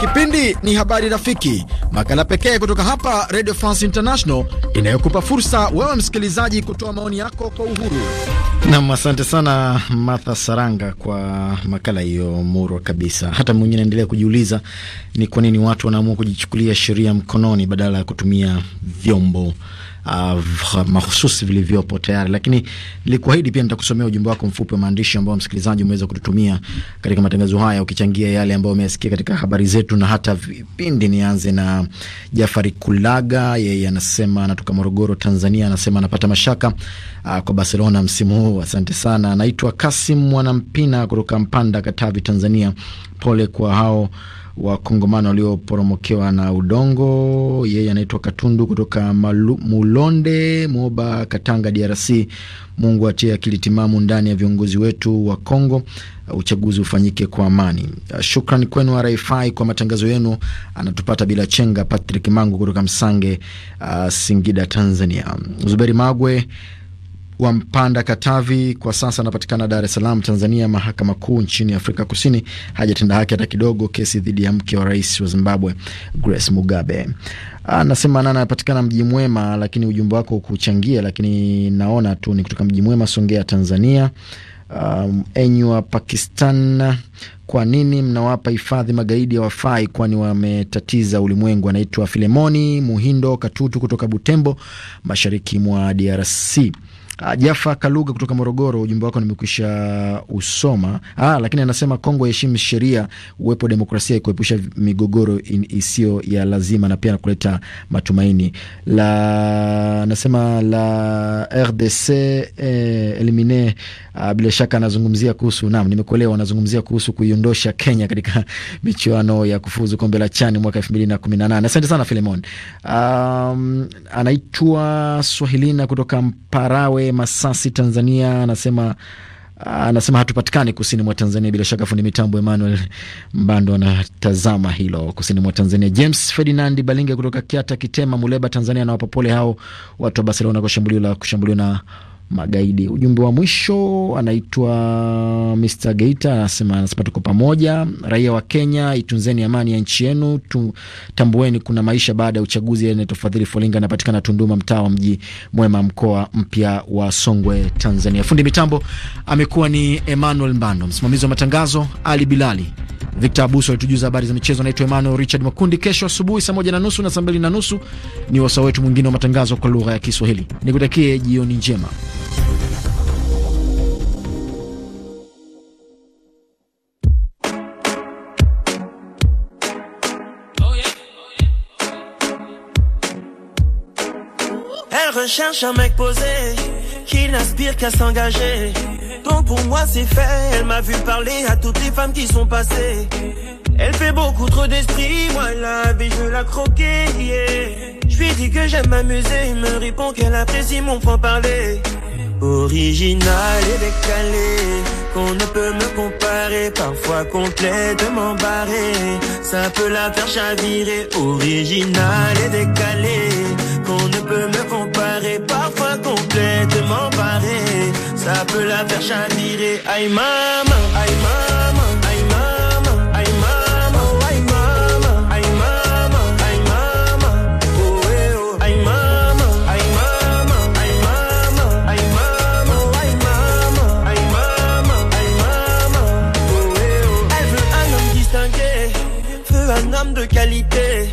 Kipindi ni habari rafiki, makala pekee kutoka hapa Radio France International inayokupa fursa wewe msikilizaji kutoa maoni yako kwa uhuru. Nam, asante sana Martha Saranga kwa makala hiyo murwa kabisa. Hata mwingine naendelea kujiuliza ni kwa nini watu wanaamua kujichukulia sheria mkononi badala ya kutumia vyombo uh, mahususi vilivyopo tayari, lakini nilikuahidi pia nitakusomea ujumbe wako mfupi wa maandishi ambao msikilizaji umeweza kututumia katika matangazo haya, ukichangia yale ambayo umeyasikia katika habari zetu na hata vipindi. Nianze na Jafari Kulaga, yeye anasema anatoka Morogoro, Tanzania, anasema anapata mashaka uh, kwa Barcelona msimu huu. Asante sana, anaitwa Kasim Mwanampina kutoka Mpanda, Katavi, Tanzania. Pole kwa hao wakongomano walioporomokewa na udongo. Yeye anaitwa Katundu kutoka Malu, Mulonde Moba, Katanga, DRC. Mungu atie akili timamu ndani ya viongozi wetu wa Kongo, uchaguzi ufanyike kwa amani. Shukran kwenu RFI kwa matangazo yenu. Anatupata bila chenga Patrick Mangu kutoka Msange, uh, Singida, Tanzania. Zuberi Magwe wa Mpanda Katavi kwa sasa anapatikana Dar es Salaam, Tanzania. Mahakama Kuu nchini Afrika Kusini hajatenda haki hata kidogo kesi dhidi ya mke wa rais wa Zimbabwe Grace Mugabe. Anasema nana anapatikana mji mwema, lakini ujumbe wako kuchangia, lakini naona tu ni kutoka mji mwema, Songea, Tanzania. Um, enywa Pakistan, kwa nini mnawapa hifadhi magaidi ya wafai, kwani wametatiza ulimwengu? Anaitwa Filemoni Muhindo Katutu kutoka Butembo, mashariki mwa DRC. Uh, ah, Jafa Kaluga kutoka Morogoro, ujumbe wako nimekwisha usoma. Ah, lakini anasema Kongo heshimu sheria, uwepo demokrasia, kuepusha migogoro isiyo ya lazima na pia kuleta matumaini. La anasema la RDC eh, elimine uh, bila shaka anazungumzia kuhusu naam, nimekuelewa, anazungumzia kuhusu kuiondosha Kenya katika michuano ya kufuzu kombe la Chani mwaka 2018. Asante sana Filemon. Um, anaitwa Swahilina kutoka Mparawe Masasi, Tanzania, anasema anasema hatupatikani kusini mwa Tanzania. Bila shaka fundi mitambo Emmanuel Mbando anatazama hilo kusini mwa Tanzania. James Ferdinand Balinge kutoka Kiata, Kitema, Muleba, Tanzania, anawapa pole hao watu wa Barcelona kwa shambulio la kushambuliwa na magaidi. Ujumbe wa mwisho anaitwa Mr Geita, anasema anasema tuko pamoja, raia wa Kenya, itunzeni amani ya nchi yenu, tambueni kuna maisha baada ya uchaguzi. Anatofadhili Folinga anapatikana Tunduma, mtaa wa Mji Mwema, mkoa mpya wa Songwe, Tanzania. Fundi mitambo amekuwa ni Emmanuel Mbando, msimamizi wa matangazo Ali Bilali, Victor Abuso alitujuza habari za michezo. Anaitwa Emmanuel Richard Makundi. Kesho asubuhi saa moja na nusu na saa mbili na nusu ni wasaa wetu mwingine wa matangazo kwa lugha ya Kiswahili. Nikutakie jioni njema. Elle recherche un mec posé, qui n'aspire qu'à s'engager pour moi c'est fait. Elle m'a vu parler à toutes les femmes qui sont passées. Elle fait beaucoup trop d'esprit, moi la vie je la croquais. Je lui dis que j'aime m'amuser, il me répond qu'elle apprécie mon franc parler. Original et décalé, qu'on ne peut me comparer, parfois complètement barré, ça peut la faire chavirer. Original et décalé, qu'on ne peut me comparer, parfois complètement barré ça peut la faire chavirer. Aïe maman, aïe maman, aïe maman, aïe maman, aïe maman, aïe maman, aïe maman, oh maman aïe maman, aïe maman, aïe maman, aïe maman, aïe maman, aïe maman, aïe maman, oh Elle veut un homme distingué, veut un homme de qualité.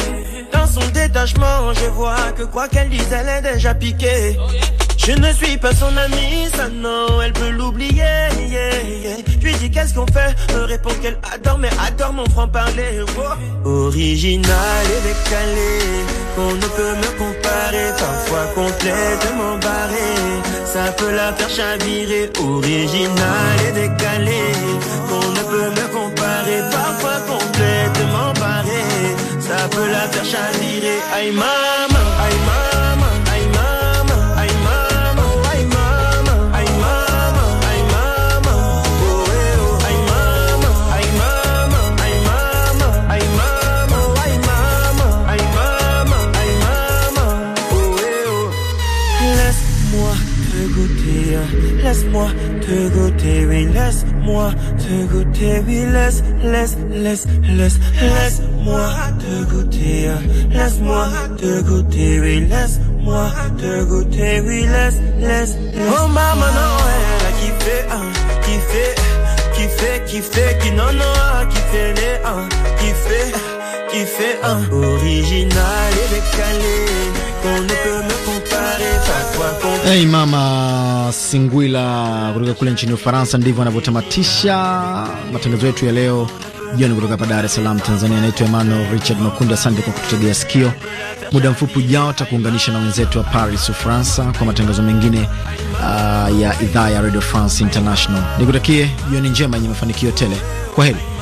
Dans son détachement, je vois que quoi qu'elle dise, elle est déjà piquée. Je ne suis pas son amie, ça non, elle peut l'oublier. Yeah, yeah. Je lui dis qu'est-ce qu'on fait, me répond qu'elle adore, mais adore mon franc-parler. Original et décalé, qu'on ne peut me comparer, parfois complètement barré. Ça peut la faire chavirer, original et décalé, qu'on ne peut me comparer, parfois complètement barré. Ça peut la faire chavirer, Aïma. laisse-moi te goûter, oui, laisse-moi te goûter, oui, laisse, laisse, laisse, laisse, laisse-moi te goûter, laisse-moi te goûter, oui, laisse-moi te goûter, oui, laisse, laisse, laisse. Oh maman, non, elle a kiffé, hein, kiffé, kiffé, qui non, non, fait les, fait, qui fait, un. original et décalé, qu'on ne peut Hey mama Singwila kutoka kule nchini Ufaransa. Ndivyo anavyotamatisha matangazo yetu ya leo jioni kutoka hapa Dar es Salaam, Tanzania. Naitwa Emmanuel Richard Makunda, asante kwa kututegea sikio. Muda mfupi ujao takuunganisha na wenzetu wa Paris, Ufaransa, kwa matangazo mengine uh, ya idhaa ya Radio France International. Nikutakie jioni njema yenye mafanikio tele. Kwa heri.